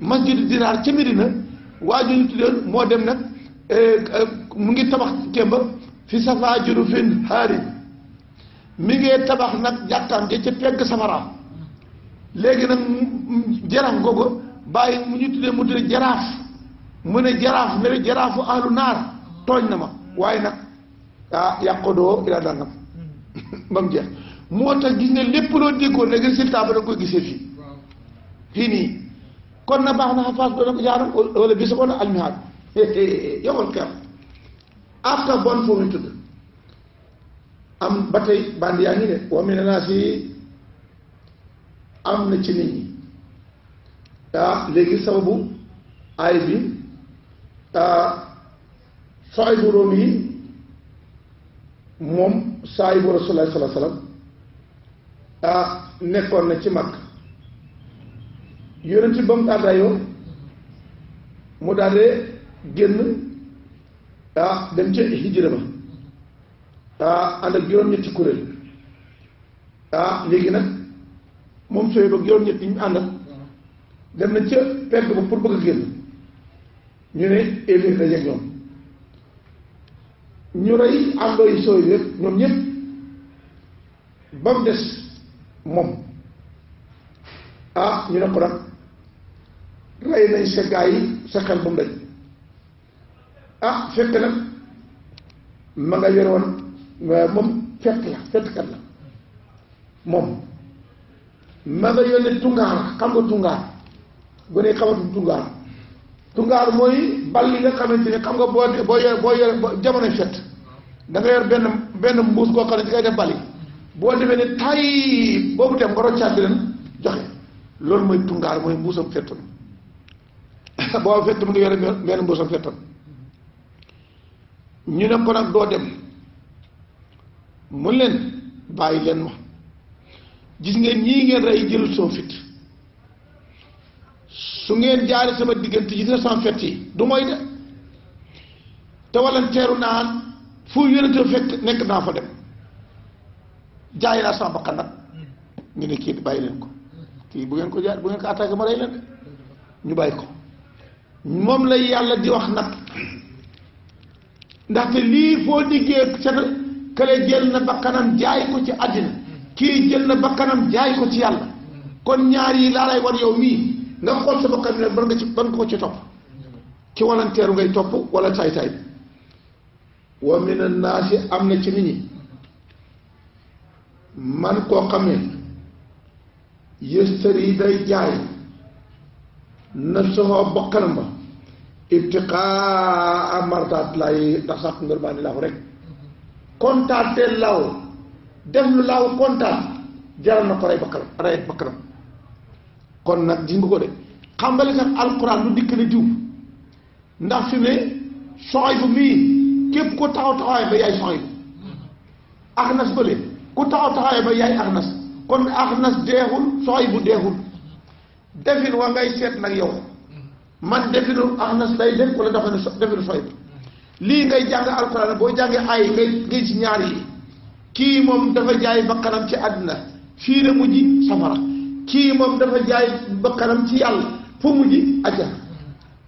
masjidu dinaar ca Medina waa ju ñu tuddoon moo dem nag eh, mu ngi tabax témba fi safaa juru fin haari mi ngi tabax nag jàkkaam ja ca pegg safara léegi nag jaraaf googu bàyyi mu ñu tuddee mu tuddee jaraaf mu ne jaraaf ne jaraafu ahlu naar tooñ na ma waaye nag ah yàqodoo ilaa dàngam ba mu jeex moo tax gis ne lépp loo déggoon nag résultat ba da koy gisee fii fii nii kon na baax na xafaas doona ko jaaram wala bi sa ko na almihaat yomal xeex afta bon foofu ñu tudd am ba tey band yaa ngi de wa mina am na ci nit ñi ah, léegi sababu aay bi ah, saay bu yi moom saay bu rasulullah sallallahu alayhi wasallam ah, nekkoon na ci mag yonent ba mu gàddaayoo mu daal di génn ah dem ca hijra ba ah, ànd ak juróom-ñetti kuréel ah léegi nag moom sooy ba juróom nañ ca pegg ba pour bëgg a génn ñu ne élevé daje ak ñoom ñu rey àndoo sooy yëpp ñoom ñëpp ba mu des moom ah ñu ne ko nag rey nañ sa gaa yi sa xel bu mu dañ ah fekk nag ma nga yore woon moom fekk la fettkat la moom ma nga yore tungaar xam nga tungaar bu ne xamatu tungaar tungaar mooy bal yi nga xamante ne xam nga boo boo yore boo yore jamono fett da nga yor benn benn mbuus goo xam ne ci ngay def bal boo demee ne tay boobu tam nga roccaat bi leen joxe loolu mooy tungaar mooy mbuusam fettu la booba fett mu ngi yore mel mbuusam fettam ñu ne ko nag doo dem mun leen bàyyi ma gis ngeen ñii ngeen rey jëlul su ngeen jaari sama diggante gis nga sama fett yi du mooy de te walanteeru naan fu yonente fekk nekk naa fa dem jaay naa sama bakkan nag ñu ne kii bàyyi leen ko kii bu ngeen ko jaar bu ngeen ko attaqué ma rey leen ñu bàyyi ko moom la yàlla di wax nag ndaxte lii foo diggee ca kële jël na bakkanam jaay ko ci àddina kii jël na bakkanam jaay ko ci yàlla kon ñaar yi laa lay war yow mii nga xool sa bakkan bi nag nga ci ban nga ko ci topp ci walanteeru ngay topp wala tay tay wa min annaasi am na ci nit ñi man koo xam ne yi day jaay nasaxoo bokkanam ba ibtiqaa mardaat laay ndax sàkku ngërmaani laaw rek kontaatee laaw def lu laaw kontaat jaral na ko rey bakkanam rey bakkanam kon nag ji nga ko de xam nga li tax alquran lu dikk na diw ndax fi mu ne soxoy bu mii képp ku taxaw taxawaay ba yaay soxoy bu axnas bële ku taxaw taxawaay ba yaay axnas kon axnas deexul soxoy bu deexul defin wa ngay seet nag yow man definu Anas lay def wala dafa ne definu Soyb lii ngay jàng alxuraan boo jàngee ay ngay ngay ci ñaar yi kii moom dafa jaay bakkanam ci àdduna fii la mujj safara kii moom dafa jaay bakkanam ci yàlla fu mujj aja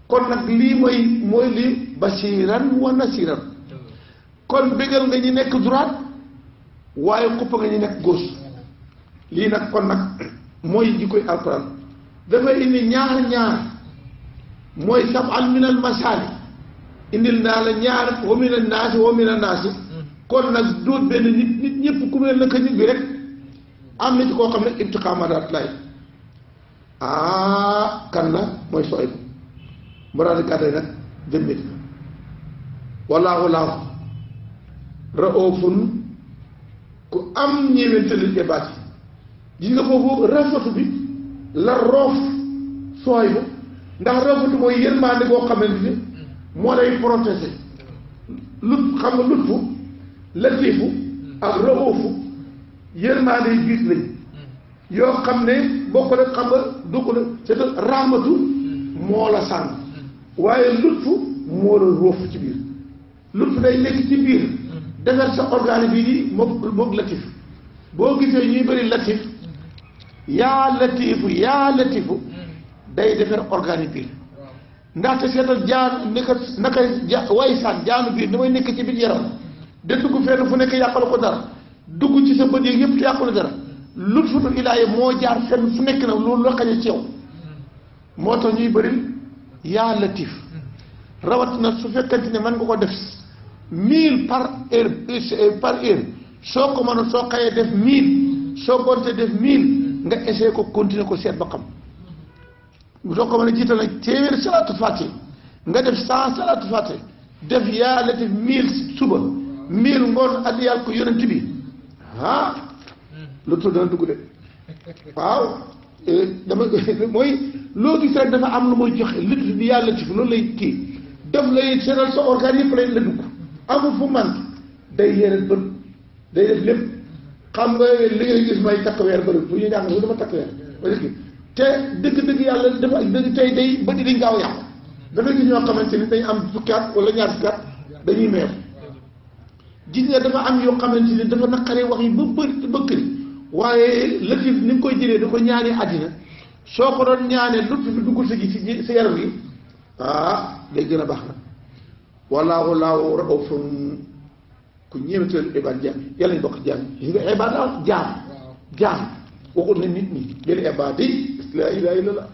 kon nag lii mooy mooy lii basiiran wa nasiiran kon bégal nga ñi nekk droite waaye xuppa nga ñu nekk gauche lii nag kon nag mooy ji koy alxuraan dafa indi ñaar ñaar mooy sab'an min al masaali indil naa la ñaar wa min kon nag doot benn nit nit ku mel ne que nit bi rek am na ci koo xam ne ibtiqaamadaat lay ah kan la mooy sooy bu mu daal di gàddee nag jëmmit wallaahu laahu raoofun ku am ñeewente li ibaat yi gis nga foofu rafatu bi la roof sooy bu ndax roofatu mooy yërmaande boo xamante ni moo lay protéger lut xam nga lutfu latiifu ak rawoofu yërmaande yi lañ yoo xam ne bokk la xam nga du ko la c'est moo la sànq waaye lutfu moo la roof ci biir lutfu day nekk ci biir defar sa organe bi nii moom moom latif boo gisee ñuy bëri latif yaa latifu yaa latifu hmm. day defar organique bi ndaxte seetal jaanu naka naka ja way saan jaanu biir damay nekk ci biir yaram de dugg fenn fu nekk yàqalu ko dara dugg ci sa bët yeeg yëpp te yàqalu dara lutfutu ilaahi moo jaar fenn fu nekk nag loolu la xañe ci yow hmm. moo tax ñuy bëri yaa latif hmm. rawat na su fekkante ne mën nga ko def mille par heure par heure soo ko mënoon soo xëyee def mille soo gontee def mille nga essayé ko continuer ko seet ba xam bu doo ko mën a jiital nag téeméer salaatu fàtte nga def cent salaatu fàtte def yaa latif mille suba mille ngoon addi yàlla ko yonent bi ah lu tul dana dugg de mooy loo gis rek dafa am lu muy joxe lit bi yàlla ci loolu lay kii def lay seetal sa organe yëpp lay la dugg amul fu man day yéeral bët day def lépp xam nga li ngay gis may takk weer bëri bu ñu ñàkk bu dama takk weer te dëkk dëgg yàlla dafa dëgg tey day ba di dañ gaaw yàqu da nga gis xamante ni dañ am fukki at wala ñaar fukki at dañuy meew gis nga dafa am yoo xamante ni dafa naqaree wax yi ba bëri ba këri waaye lëtif ni nga koy jëlee da ko ñaanee àddina soo ko doon ñaanee lutt bi duggul sa gi sa yaram yi ah day gën a baax na wallahu laahu raufun ku ñëwati leen ibaad jaam yàlla ñu bokk jaam yi nga ibaad la am jaam jaam waxul na nit ñi bil ibaad yi la ilaha illallah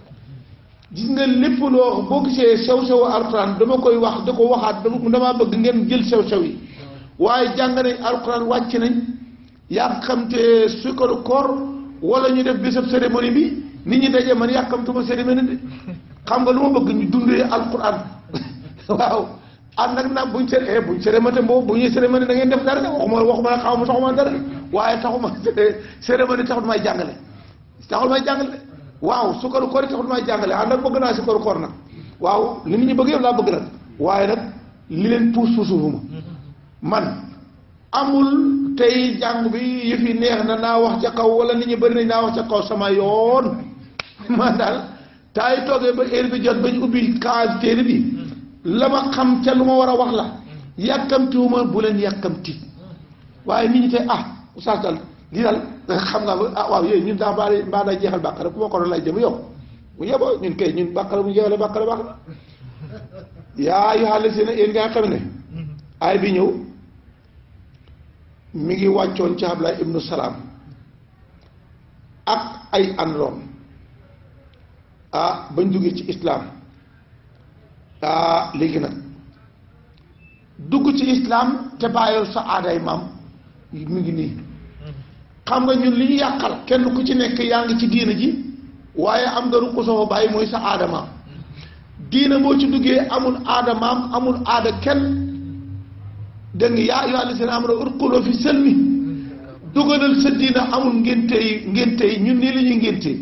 gis nga lépp loo wax boo gisee sew sewu alquran dama koy wax da ko waxaat dama bëgg ngeen jël sew sew yi waaye jàng nañ alquran wàcc nañ yàkkamte sukkaru koor wala ñu def bésab cérémonie bi nit ñi daje man yàkkamtuma cérémonie bi xam nga lu ma bëgg ñu dundee alquran waaw ànd ak nag buñ cere eh, buñ cérémonie boobu bu ñuy cérémonie da ngeen def dara waxuma waxuma xaw ma taxuma dara waaye taxuma cérémonie taxul may jàngale taxul may jàngale waaw sukkaru koor taxul may jàngale ànd ak bëgg naa sukkaru koor nag waaw li nit ñi bëgg yëpp laa bëgg nag waaye nag li leen puus puusufuma man amul tey jàng bi yëf neex na naa wax ca kaw wala nit ñi bari nañ naa wax ca kaw sama yoon man daal taay toogee ba heure bi jot bañ ubbi kaas la ma xam ca lu ma war a wax la yàkkamtiwuma bu leen yàkkamti waaye nit ñi tey ah oustaz daal lii daal xam nga ah waaw yooyu ñun daa mbaa day jeexal bàqara ku ma ko doon lay jëm yow bu yeboo ñun kay ñun bàqara bu jeexalee bàqara baax na yaa yu xaalis yéen yéen nga xam ne aay bi ñëw mi ngi wàccoon ci Ablaay ibnu Salaam ak ay àndoom ah bañ duggee ci islaam ah léegi nag dugg ci islam te bàyyil sa aaday maam mu ngi nii xam nga ñun li ñu yàqal kenn ku ci nekk yaa ngi ci diina ji waaye am nga ruq soo bàyyi mooy sa aada maam diina boo ci duggee amul aada maam amul aada kenn dégg nga yaa ayyuhaa llaziina aamanuu udxuluu fi salmi dugalal sa diina amul ngénte yi ngénte yi ñun nii la ñuy ngénte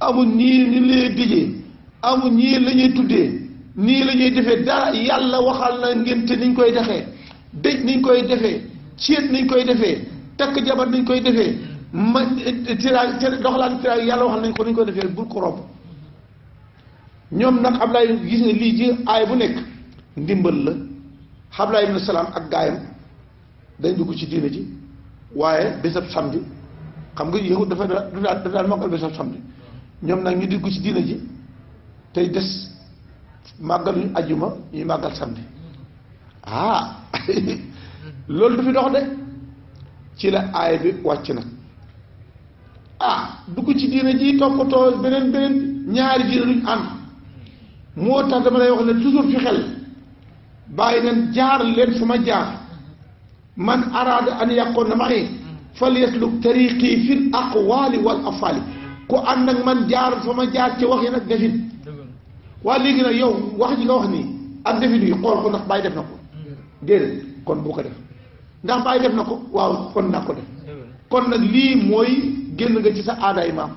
amul ñii ñu lay amul ñii la ñuy tuddee ni lañuy defé dara yalla waxal na ngeen te niñ koy defé dëj niñ koy defé ciet niñ koy defé tak jabar niñ koy defé ma tira doxlan tira yalla waxal nañ ko niñ koy defé bu ko rob ñom nak ablay gis ni li ci ay bu nek ndimbal la ablay ibn salam ak gayam dañ dugg ci diina ji waye bisab samedi xam nga yëngu dafa dafa mokal bisab mokkal bésab samedi ñoom nag ñu dugg ci diina ji tay dess màggaluñ ajuma ñuy màggal samedi ah loolu du fi dox de ci la aay bi wàcc na ah dugg ci diina ji toppatoo beneen beneen ñaari diina luñ ànd moo tax dama lay wax ne toujours fi xel bàyyi leen jaar leen fu ma jaar man araada an yàqoon na ma xëy fal yasluk tariqi fil aqwali wal afali ku ànd ak man jaar fa ma jaar ci wax yi nag defit waa léegi nag yow wax ji nga wax nii ak defin yi xool ko ndax bàyyi def na ko déedéet kon bu ko def ndax bàyyi def na ko waaw kon naa ko def kon nag lii mooy génn nga ci sa aadaay maam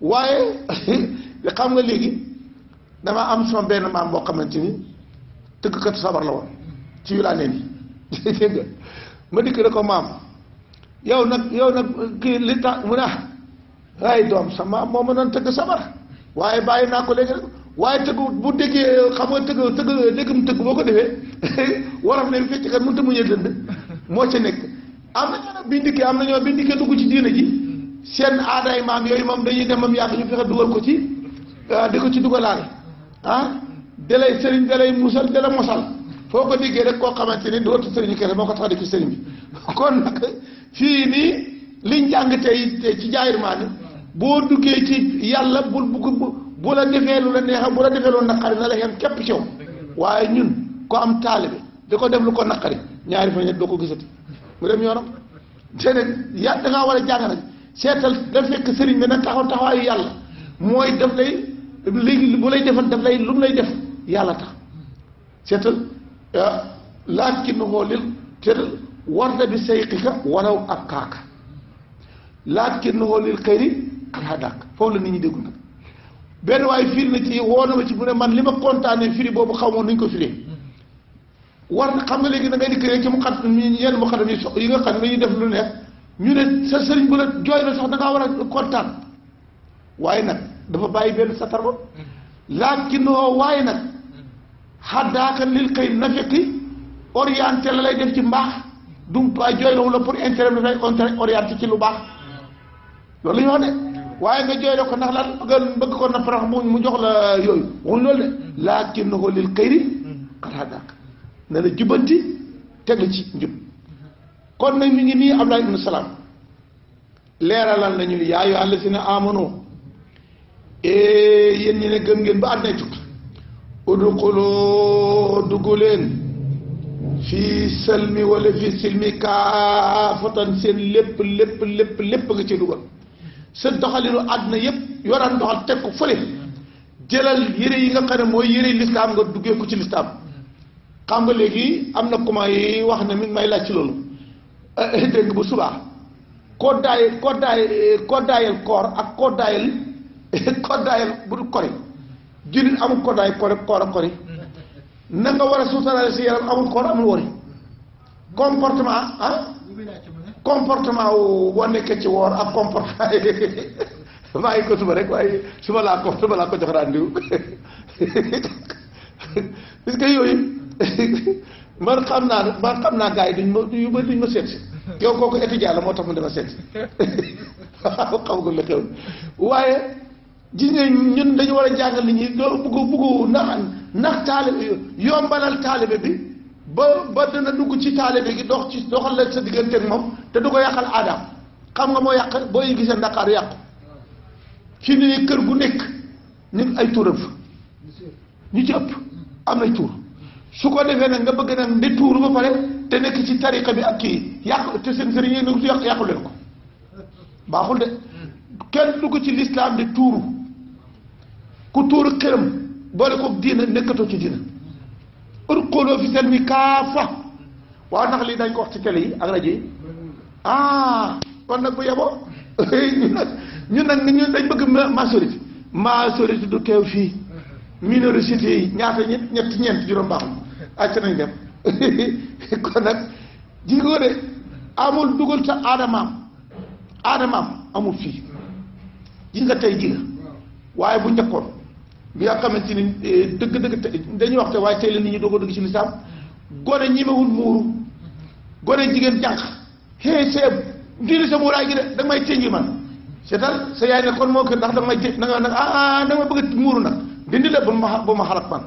waaye xam nga léegi damaa am sama benn maam boo xamante ni tëggkatu sabar la woon ci yu laa ne ni ma dikk da ko maam yow nag yow nag kii li tax mu ne waaye ah, doom sama maam moo mënoon tëgg sabar waaye bàyyi naa ko léegi waaye tëgg bu déggee xam nga tëgg tëgg léegum tëgg boo ko defee waram leen fecc kat mënta muñee dënd moo ca nekk am na ñoo bi ndikkee am na ñoo bi ndikkee dugg ci diina ji seen aadaay maam yooyu moom dañuy dem moom yàgg ñu fexe dugal ko ci ah, di ko ci dugalaale ah dalay sëriñ dalay musal dala mosal foo ko déggee rek koo xamante ni dootu sëriñu kese moo ko tax di fi sëriñ bi kon nag fii nii liñ jàng tey ci jaayir maa ni boo duggee ci yàlla bul bugg bu la defee lu la neexam bu la defee lu naqari na la xem képp ci waaye ñun ko am taalibe di ko def lu ko naqari ñaari fa ñett doo ko gisati mu dem yoonam te nag ya da ngaa war seetal da fekk sëriñ bi nag taxaw taxawaayu yàlla mooy daf lay léegi bu lay defal daf lay lu lay def yàlla tax seetal euh, laaj ki nu xoolil seetal war da bi sayqika ak kaaka laaj ki nu xoolil xëyri alxadaak foofu la nit ñi déggu nag benn waaye firi na ci woo na ci mu ne man li ma kontaanee firi boobu xaw ma nuñ ko firee war na xam nga léegi da ngay dikk rek ci mu xat yenn mu xatam yi so yi nga xam ne dañuy def lu neex ñu ne sa sëriñ bu la jooy na sax da ngaa war a kontaan waaye nag dafa bàyyi benn satar ba laakinoo waaye nag xaddaaka lil kay na fekki orienté la lay def ci mbaax du waaye jooy la la pour intérêt dafay orienté ci lu baax loolu ñu wax de waaye nga jooyle ko laa lan bëgg bëgg ko na farax mu jox la yooyu waxul loolu de lakinnahu lil xayri qad hadaak ne la jubanti teg la ci njub kon nag mi ngi nii Abdullah ibn Salaam leeralal nañu yaa ayyuha allazina amanu eh, yéen ñi ne gëm ngeen ba àddina jug udxulu dugg leen fii salmi wala fii silmi kaafatan seen lépp lépp lépp lépp ci dugal sa doxalinu àdduna yëpp yoraan doxal teg ko fële jëlal yére yi nga xam ne mooy yére lislaam nga duggee ko ci lislaam xam nga léegi am na comment yi wax ne mi ngi may laaj ci loolu eh, eh, dégg bu subaa koo daay koo daay eh, koo daayal koor ak koo daayal koo daayal bu dul kori jullit amul koo daay kori koor ak kori na nga war a suutaraale si yaram amul koor amul wori comportement ah comportement wu boo nekkee ci woor ak comportement maa ngi ko suba rek waaye suba laa ko suba laa ko jox rendez-vous parce que yooyu man xam naa man xam naa gars yi duñ ma yu bëri duñ ma seet si yow kooku étudiant moo tax mu dama seet waaw xam nga li xew waaye gis ñun dañu war a jàngal nit ñi doo bugg bugg naxan nax taalibe yombalal taalibe bi ba ba dana dugg ci taalibe gi doo ci doxal la sa digganteeg moom te du ko yàqal aadaam xam nga moo yàq boo yi gisee Ndakaaru yàqu fi ne kër gu nekk ñu ay tuuram fa ñu ci ëpp am nay tuur su ko defee nag nga bëgg nag ndi tuuru ba pare te nekk ci tariqa bi ak kii yàq te seen sëriñ yéen yàq yàqu leen ko baaxul de kenn dugg ci lislaam di tuuru ku tuuru këram boole ko diina nekkatoo ci diina udxulu fi selmi kaafa waaw ndax lii dañ ko wax ci yi ak yi ah kon nag bu yeboo ñun nag ñun nag ñun dañ bëgg majorité majorité du teew ñett ñeent juróom baaxul acca nañ dem kon nag jigoo de amul dugal sa aadamaam aadamaam amul fii ji nga tey ji waaye bu njëkkoon bi nga xamante ni eh, dëgg-dëgg dañuy wax te waaye tey la nit doo doog a dugg ci lislaam gone ñimewul muuru gone jigéen jànq xëy seeb ndiiri sa muuraay gi de danga may tënji man seetal sa yaay ne kon moo kër ndax danga may jë danga nag ah danga bëgg a muuru nag dindi la bu ma bu ma xalak man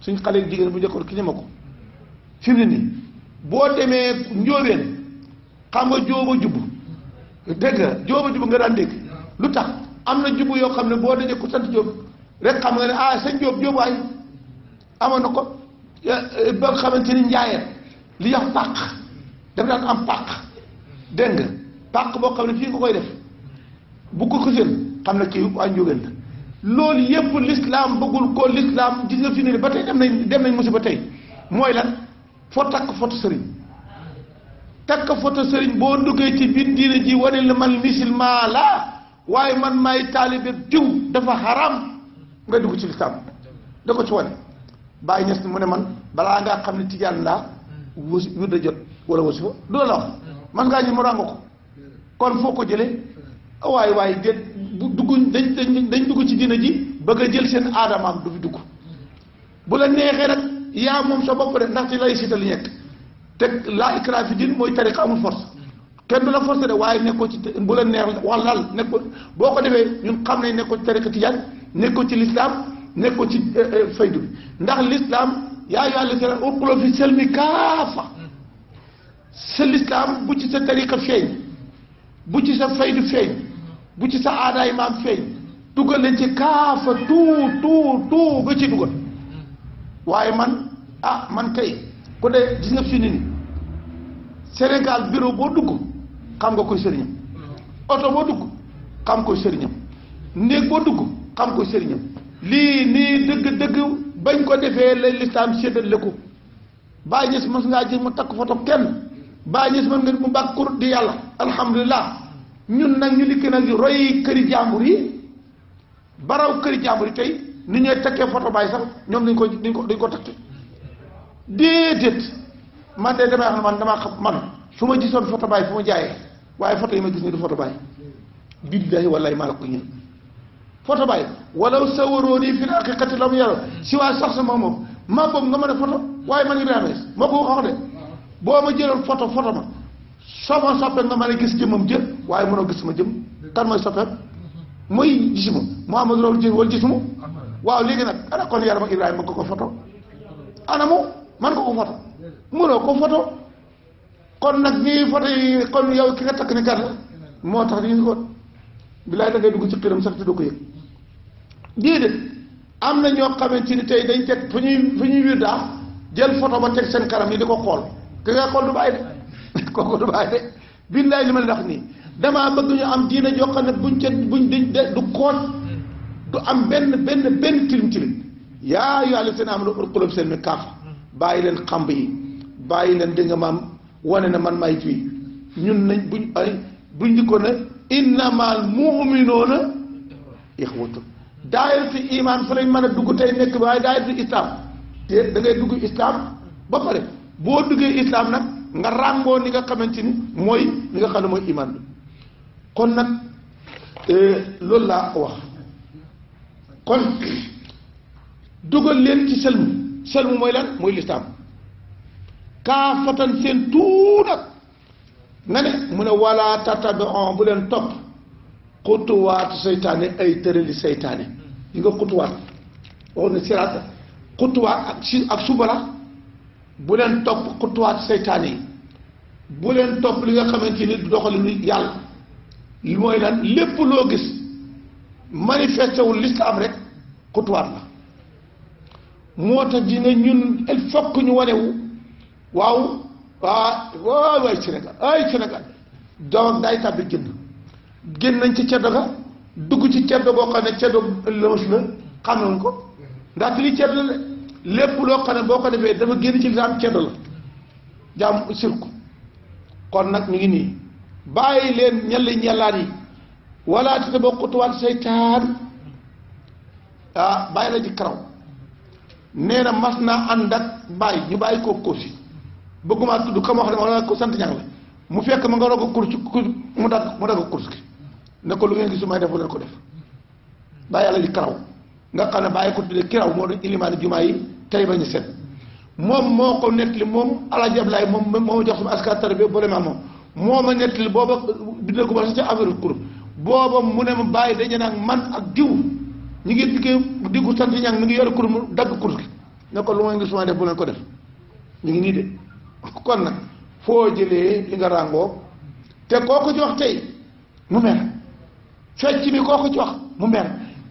suñ xale jigéen bu njëkkoon ki ñeme ko fi mu nii boo demee njóobeen xam nga jóoba jubbu dégg nga jóoba jubbu nga daan dégg lu tax am na jubbu yoo xam ne boo dajee ku sant jóob rek xam nga ne ah sëñ na ko ba nga xamante ni njaayeen li ñuy pàq dafa daan am pàq dégg nga pàq boo xam ne fii nga koy def bu ko ko xam na ci waa njógeen la loolu yëpp lislaam bëggul ko lislaam gis nga fi ne ba tey dem nañ dem nañ musiba tey mooy lan foo takk foto sëriñ takk foto sëriñ boo duggee ci biir diine ji wane la man misilmaa la waaye man maay taalibe diw dafa xaram nga dugg ci lislaam da ko ci wane bàyyi ñes mu ne man balaa ngaa xam ne tijaan laa wus wir da jot wala wasifa du la wax man ngaa ñu mu ràng ko kon foo ko jëlee waaye waaye déet bu dugg dañ dañ dañ dugg ci dina ji bëgg a jël seen aadamaam du fi dugg bu la neexee nag yaa moom sa bopp de ndax ci lay siital nekk te laa ikraa fi din mooy tariqa amul force kenn du la force de waaye nekkoo ci bu la neex wax lal nekkoo boo ko defee ñun xam nañ nekkoo ci tariqa tijaan nekkoo ci lislaam nekkoo ci eh, eh, faydu bi ndax lislaam yaa yu àll seen uquloo fi selmi kaafa sa lislaam bu ci sa tariqa feeñ bu ci sa faydu feeñ bu ci sa aadaay maam feeñ dugal ci kaafa tuu tuu tuu nga ci dugal waaye man ah man kay ku dee gis nga fi nii Sénégal bureau boo dugg xam nga koy sëriñam oto boo dugg xam koy sëriñam néeg boo dugg xam ko sëriñam lii nii dëgg-dëgg bañ ko defee lay lislaam séddale ko Baay Ñas mës ngaa gis mu takk foto kenn Baay Ñas mën nga mu bàkkur di yàlla alhamdulilah ñun nag ñu dikk nag roy këri jàmbur yi baraw këri jàmbur yi tey ni ñooy takkee foto Baay sax ñoom dañ ko dañ ko dañ ko takkee déedéet man de damay wax ne man damaa xam man su ma gisoon foto Baay fu ma jaayee waaye foto yi ma gis nii du foto Baay billaahi wallaahi maa la ko ñun photo bay walaw sawaroni fil haqiqati lam yaro si waa sax sa moom ma boobu nga mën a photo waaye man Ibrahima Niass moo ko waxoon de boo ma jëloon photo photo ma soo ma soppee nga mën a gis jëmmam jëm waaye mënoo gis ma jëm kan mooy soppeem mooy gis mu Muhammad Raw jë wala gis mu waaw léegi nag ana kon yaram ak Ibrahima ko ko photo ana mu man ko ko photo mënoo ko photo kon nag ñii photo yi kon yow ki nga takk ni kan la moo tax ñu ko. bilaay da dugg ci xiram sax te du ko yëg déedéet am na ñoo xamante ni tey dañ teg fu ñuy fu ñuy wir daax ah, jël photo ba teg seen karam yi di ko xool ki ngay xool du bàyyi de kooku du bàyyi de billaay li ma ndax nii damaa bëgg ñu am diina joo xam ne buñ ca buñ di du koot du am benn benn benn tilim tilim yaa yu àll seen am lu urkulub seen mi kaaf bàyyi leen xamb yi bàyyi leen di nga maam wane na man may fii ñun nañ buñ ay buñ di ko ne innamal muminuuna ixwatu daayiratu iman fa lañ mën a dugg tey nekk waaye daayiratu islam te da ngay dugg islam ba pare boo duggee islam nag nga ràngoo ni nga xamante ni mooy li nga xam ne mooy iman bi kon nag eh, loolu laa wax kon dugal leen ci selmu selmu mooy lan mooy lislaam kaafatan seen tuut nag nga ne mu ne wala tatabi on bu leen topp xutuwaatu seytaane ay tërëli seytaane yi nga xutuwaat waxoon ne siraat xutuwaat ak si ak subala bu leen topp xutuwaatu seytaane yi bu leen topp li nga xamante ni doxalinu yàlla li mooy lan lépp loo gis manifesté wul rek xutuwaat la moo tax dina ñun il faut ñu wanewu waaw waa waaw waay Sénégal ay Sénégal doom day tàbbi génn génn nañ ci ceddo ga dugg ci ceddo boo xam ne ceddo lëmas la xam nañ ko ndax li ceddo la lépp loo xam ne boo ko defee dafa génn ci lislaam ceddo la jaam sirku kon nag mi ngi nii bàyyi leen ñelli ñellaan yi wala te boo xutuwaat seytaan ah bàyyi la ci karaw nee na mas naa ànd ak bàyyi ñu bàyyi koo kóosi bëgguma tuddu kam wax dama ne ko sant ñang la mu fekk ma nga rogo a course mu dag mu dag kurs gi ne ko lu ngeen gisuma may def leen ko def ba yalla di karaw nga xana baye ko tuddee kiraw mo do ilimaani juma yi tay bañu set mom moko mom ala jox sama askar bo le mom moma bobo ko affaire kur bobo mu ne ma baye nak man ak diw ñi ngi dikkee diggu sant ñang mi ngi yor kur mu dag kur gi ne ko lu ngeen gisuma def ko def ñi ngi ni de kon nag foo jëlee li nga ràngoo te koo ko jox tey mu mer fecc bi koo jox mu mer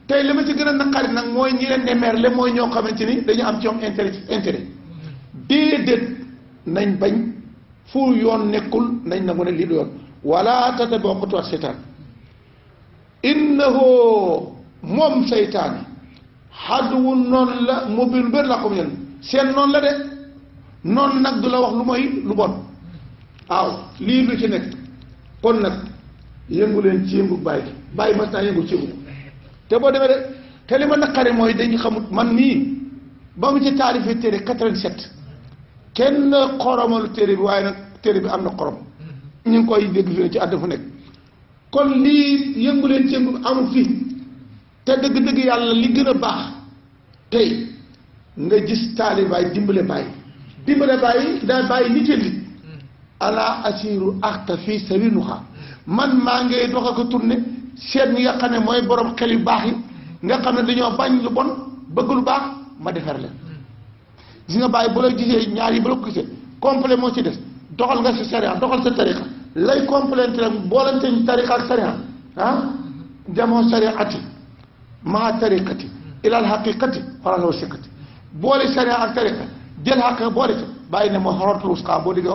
tey li ma ci gën a naqari nag mooy ñi leen ne mer le mooy ñoo xamante ni dañu am ci moom intérêt intérêt déedéet nañ bañ fu yoon nekkul nañ nangu ne lii du yoon wala tata bokkatu ak seytaan innahu moom seytaane xaduwu ko mu seen noonu la de noonu nag du la wax lu mooy lu bon waaw lii lu ci nekk kon nag yëngu leen ci yëngu bàyyi bàyyi mas naa yëngu ci yëngu te boo demee de te na ma naqare mooy dañu xamut man nii ba mu ci taarifee téere 87 kenn xoromalu téere bi waaye nag téere bi am na xorom ñu ngi koy dégg fi ne ci àdduna fu nekk kon lii yëngu leen ci yëngu amul fii te dëgg-dëgg yàlla li gën a baax tey nga gis taalibaay dimbale bàyyi di mën a bàyyi daa bàyyi nit nit hmm. ala asiru axta fii sawinuha man maa ngay dox ak a tourné seet ni nga xam ne mooy borom xel yu baax yi hmm. nga xam ne dañoo bañ lu bon bëgg lu baax ma defar leen hmm. gis nga bàyyi bu la gisee ñaar yi bu la ko gisee complet moo ci des doxal nga sa sariya doxal sa tariqa lay complété rek boolanteñ tariqa ak sariya ah jamoo sariati maa tariqati ilal haqiqati wala loo siqati boole sariya ak tariqa jël xàq boole ci bàyyi ne moo xorotul uskaa boo déggee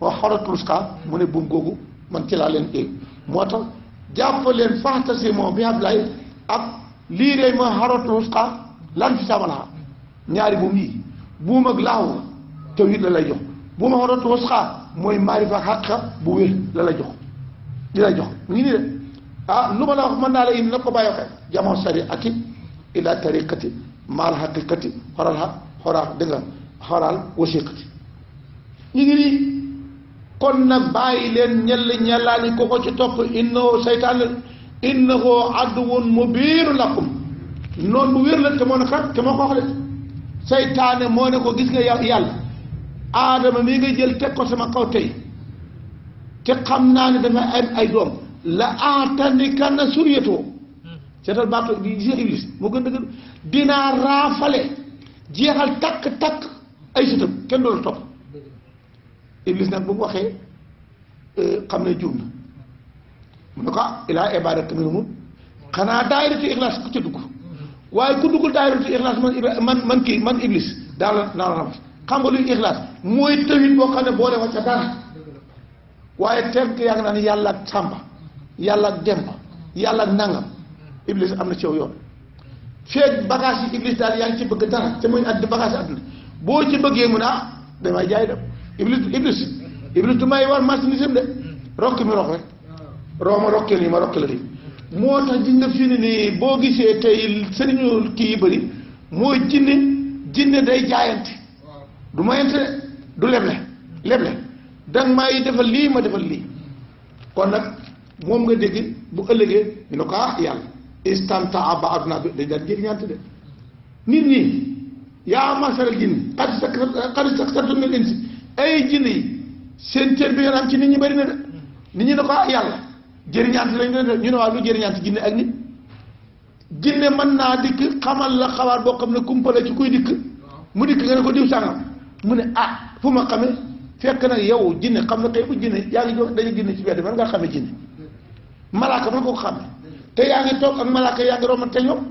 moo xorotul uskaa mu ne buum googu man ci laa leen éeg moo tax jàpp leen faxtasi moo bi Ablaay ak lii de moo xorotul uskaa lan fi sama laxa ñaari buum yii buum ak laaw te it la lay jox buuma xorotul uskaa mooy maarifa xàq bu wér la jox li la jox mu ngi nii de ah lu ma la wax naa la indi nag ko bàyyi xel jamono sari ati ila tariqati maal xaqiqati xoral xa xoraa dégg nga xoral wasiqati ñu nii kon na bàyyi leen ñell ñellaani ko ko ci topp innahu seytaan la innahu aduwun mubiinu lakum noonu bu wér la te moo ne kat ko gis nga yàlla aadama mii nga jël teg ko sama kaw tey te xam naa ni dama am ay doom la aatanikanna suryatoo seetal baatu di gis nga iblis moo gën dinaa raafale jeexal takk takk ay sëtam kenn doon topp Iblis nag bu waxee euh, xam ne juum na mu ne ko ah ilaa ibaadaka minhum xanaa daayiratu ixlaas ku ca dugg waaye ku duggul daayiratu ixlaas man man man kii man Iblis daal la daal la xam nga luy ixlaas mooy tawit boo xam ne boo defal ca dara waaye teel ko yàgg naa ne yàlla ak sàmba yàlla ak demba yàlla ak nangam Iblis am na ci yow yoon feeg bagage yi Iblis daal yaa ngi ci bëgg dara te muy at di bagage adduna boo ci bëggee mu ne ah damay jaay dem iblis iblis iblis du may war marchandise de rokk mi rokk rek roo ma rokkee nii ma la nii moo tax jinne fii ne nii boo gisee tey sëriñu kii yi bëri mooy jinne jinne day jaayante du mayante du leble may defal lii ma defal lii kon nag moom nga dégg bu ëllëgee ñu ne ko ah yàlla istantaa ba aduna bi dañ daan jëriñante de nit ñi yaa masaral jinni xarit sa xarit sa sartu na leen si ay jinni yi seen cër bi ngeen am ci nit ñi bëri na de nit ñi ne ko ah, yàlla jëriñante lañ leen ñu ne waaw lu jëriñante jinne ak nit jinne mën naa dikk xamal la xabaar boo xam ne kumpale ci kuy dikk mu dikk nga ne ko diw sàngam mu ne ah fu ma xamee fekk nag yow jinne xam na tey bu jinne yaa ngi jox dañu jinne ci benn man nga xamee jinne malaaka man ko xamee te yaa ngi toog ak malaaka yaa ngi romante ñoom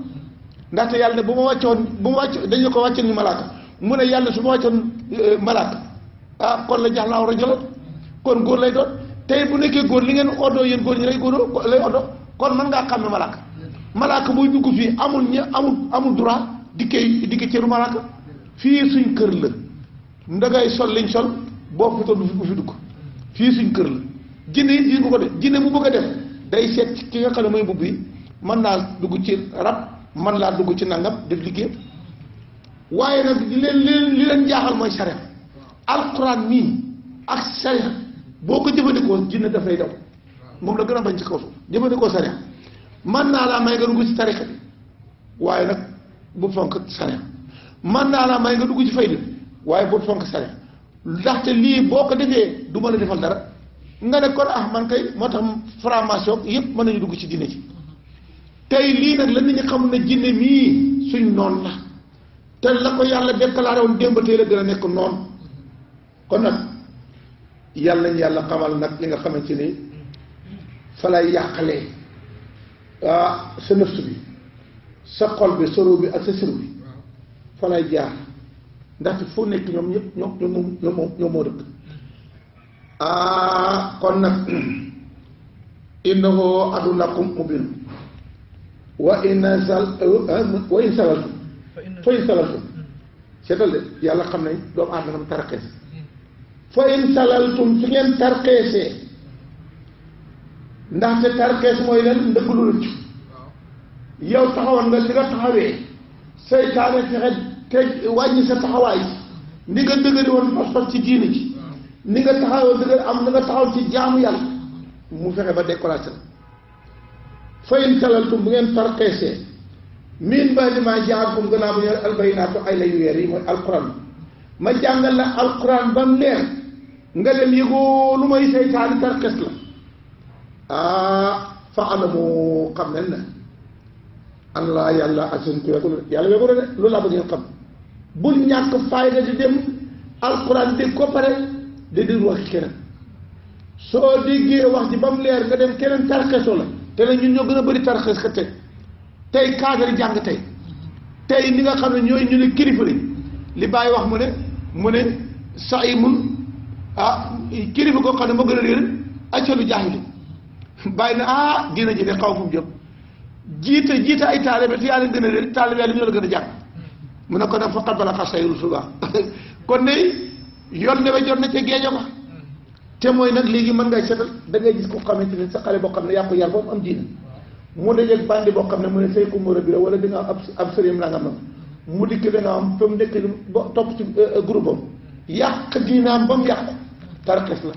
ndaxte yàlla ne bu ma wàccoon bu ma wàcc dañu ko wàccoon ñu malaaka mu ne yàlla su ma wàccoon e, malaaka ah kon la jax a rajulan kon góor lay doon tey bu nekkee góor li ngeen oddoo yéen góor ñi lay góor lay oddoo kon man ngaa xam ne malaaka malaaka buy dugg fii amul ña amul amul droit dikkee dikkee cëru malaaka fii suñ kër la ndagay sol liñ sol boo ko toog du fi dugg fii suñ kër la jinne yi gis nga ko def jinne mu bëgg a def day seet ki nga xam ne mooy mbubb yi man naa dugg ci rab man laa dugg ci nangam def liggéeyam waaye nag li leen li leen jaaxal mooy sariya alquran mii ak sariya boo ko jëfandikoo jinne daf lay daw moom la gën a bañ ci kaw suuf jëfandikoo sariya man naa laa may nga dugg ci tarixa bi waaye nag bu fonk sariya man naa laa may nga dugg ci fayda bi waaye bu fonk sariya ndaxte lii boo ko defee du ma la defal dara nga ne kon ah man kay moo tax formation yëpp mën nañu dugg ci diine ci tey lii nag la nit ñi xam jinne mii suñ noon la te la ko yàlla déclaré woon démb tey la nekk noon kon nag yàlla nañ yàlla xamal nag li nga xamante ni fa lay yàqalee ah sa xol bi bi ak sa siru bi fa lay jaar ndaxte foo nekk ñoom ñëpp ñoom ñoom ñoom moo dëkk ah, kon nag innahu adunakum mubin wa inna sal wa in salaltu fa in salaltu hmm. seetal de yàlla xam ne doomu aadama tarxees hmm. fa in salaltum su ngeen tarxeesee ndaxte tarxees mooy leen ndëgg lu rëccu yow taxawoon nga si nga taxawee seytaane fexe te wàññi sa taxawaay ni nga dëgëri woon pas-pas ci diini ji hmm. ni nga taxawoo dëgër am ni nga ci jaamu yàlla mu fexe ba découragé fayin kalaltum bu ngeen tarxeesee min ba di maa jaakum gannaaw bu ñu albaynaatu ay lay weer yi mooy alquran ma jàngal la alquran ba mu leer nga dem yëgoo lu may seytaani tarxees la ah fa alamu xam nen na an laa yàlla asuntu weekul yàlla weekul de loolu laa bëgg ngeen xam bul ñàkk fayda di dem alquran dégg ko pare di dir wax keneen soo déggee wax ji ba mu leer nga dem keneen tarxeesoo la te nag ñun ñoo gën a bëri tarxees ka tey tey cadre yi jàng tey tey ni nga xam ne ñooy ñu ne kilifa lañ li bàyyi wax mu ne mu ne sax yi mun ah kilifa koo xam ne moo gën a réer accalu jaahili bàyyi na ah diina ji de xaw fu mu jëm jiite jiite ay taalibe te yaa leen gën a réer taalibe yaa ñoo la gën a jàng mu ne ko nag faqat bala xas say rusula kon ne yoon ne ba jot na ca géejo ba te mooy nag léegi mën nga seetal da ngay gis ku xamante ne sa xale boo xam ne yàqu yar boobu am diina mu dajeeg bandi boo xam ne mu ne say kumóora bi la wala da nga am ab la sëriñ nangam nag mu dikk da nga am fa mu nekk ba topp ci euh, euh, groupe am yàq diinaam ba mu yàqu tarxis la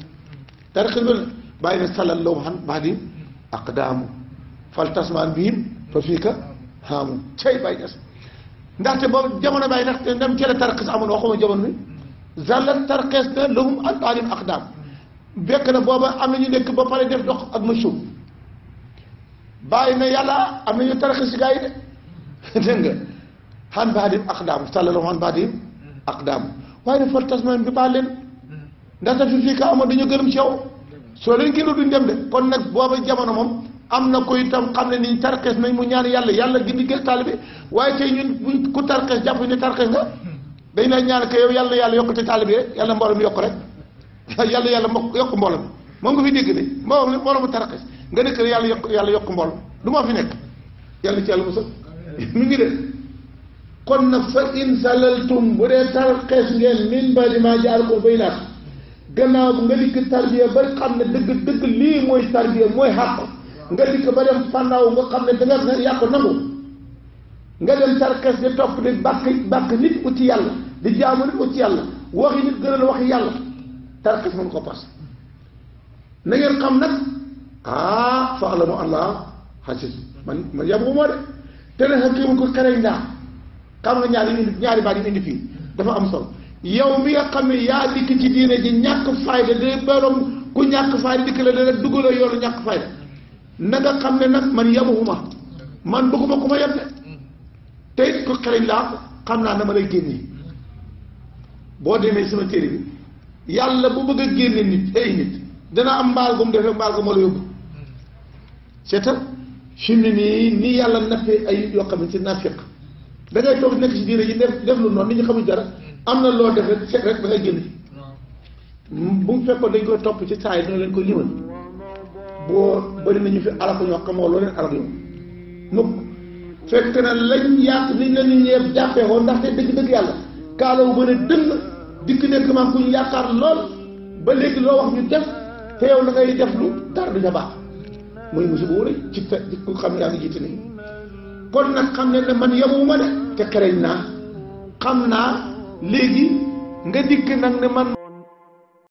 tarxis la bàyyi ne salal law xan baadim ak daamu fal tasmaan biim fa fii ka xaamu ba bàyyi des ndaxte boobu jamono bàyyi ndaxte ndam cere tarxis amoon waxuma jamono bi zallat tarxis na lahum al taalim ak daam bekk na booba am na ñu nekk ba pare def dox ak ma suuf bàyyi na yàlla am na ñu taraxi si gaa yi de dégg nga xan baadim aqdaam sàllalo xan baadim aqdaam waaye ne far tasman bi baal leen ndax ta fi fii ka dañu gërëm ci yow soo leen génn duñ dem de kon nag booba jamono moom am na koy itam xam ne niñ tarxees nañ mu ñaan yàlla yàlla gindi gël taalibe waaye tey ñun buñ ku tarxees jàpp ne tarxees nga hmm. dañ lay ñaan que yow yàlla yàlla yokkute taalibe rek yàlla mborom yokk rek yàlla yàlla mbokk yokk mbooloo mi moom nga fi dégg de mbooloo mbooloo mu taraxis nga nekk yàlla yàlla yokk mbooloo du moo fi nekk yàlla ci yàlla mosal mi ngi de kon nag fa in salaltum bu dee tarxees ngeen min ba di maa jaar ko bay naat gannaaw bu nga dikk tarbiya ba xam ne dëgg dëgg lii mooy tarbiya mooy xàq nga dikk ba dem fannaaw nga xam ne da nga yàq nangu nga dem tarxees di topp di bàkk bàkk nit uti yàlla di jaamu nit uti yàlla waxi nit gënal waxi yàlla tarxiis mën ko pas na ngeen xam nag ah fa alamu allah xasis man man yàbu moo de te na xakiimu ko xereñ laa xam na ñaari indi ñaari baat yi indi fii dafa am solo yow mi nga xam ne yaa dikk ci diine ji ñàkk fayda de borom ku ñàkk fayda dikk la dana duggaloo yoonu ñàkk fayda na nga xam ne nag man yabuhuma man ma ku ma yeb de te it ko xereñ laa xam naa ne lay génnee boo demee sama téere bi yàlla bu bëgg a génne nit ay nit dana am mbaal gu mu defee mbaal gu ma la yóbbu seetal fi nii nii yàlla nappee ay yoo xam ne ci nafiq da ngay toog nekk ci diine yi def def lu noonu nit ñu xamul dara am na loo def rek rek da ngay génn bu mu fekkoon dañ koy topp ci saa yi dina leen koy limal boo bëri nañu fi alaku ñoo xamoo loo leen alak yow mukk fekk na lañ yàq ni na nit ñëpp jàppee woon ndaxte dëgg-dëgg yàlla kaalawu bën a dëng dikk nekk maam bu ñu yaakaar lool ba léegi loo wax ñu def te yow la ngay def lu dara du ca baax muy musiba wala ci fe ci ku xam yaa ngi jiite nii kon nag xam ne ne man yemu ma te xereñ naa xam naa léegi nga dikk nag ne man.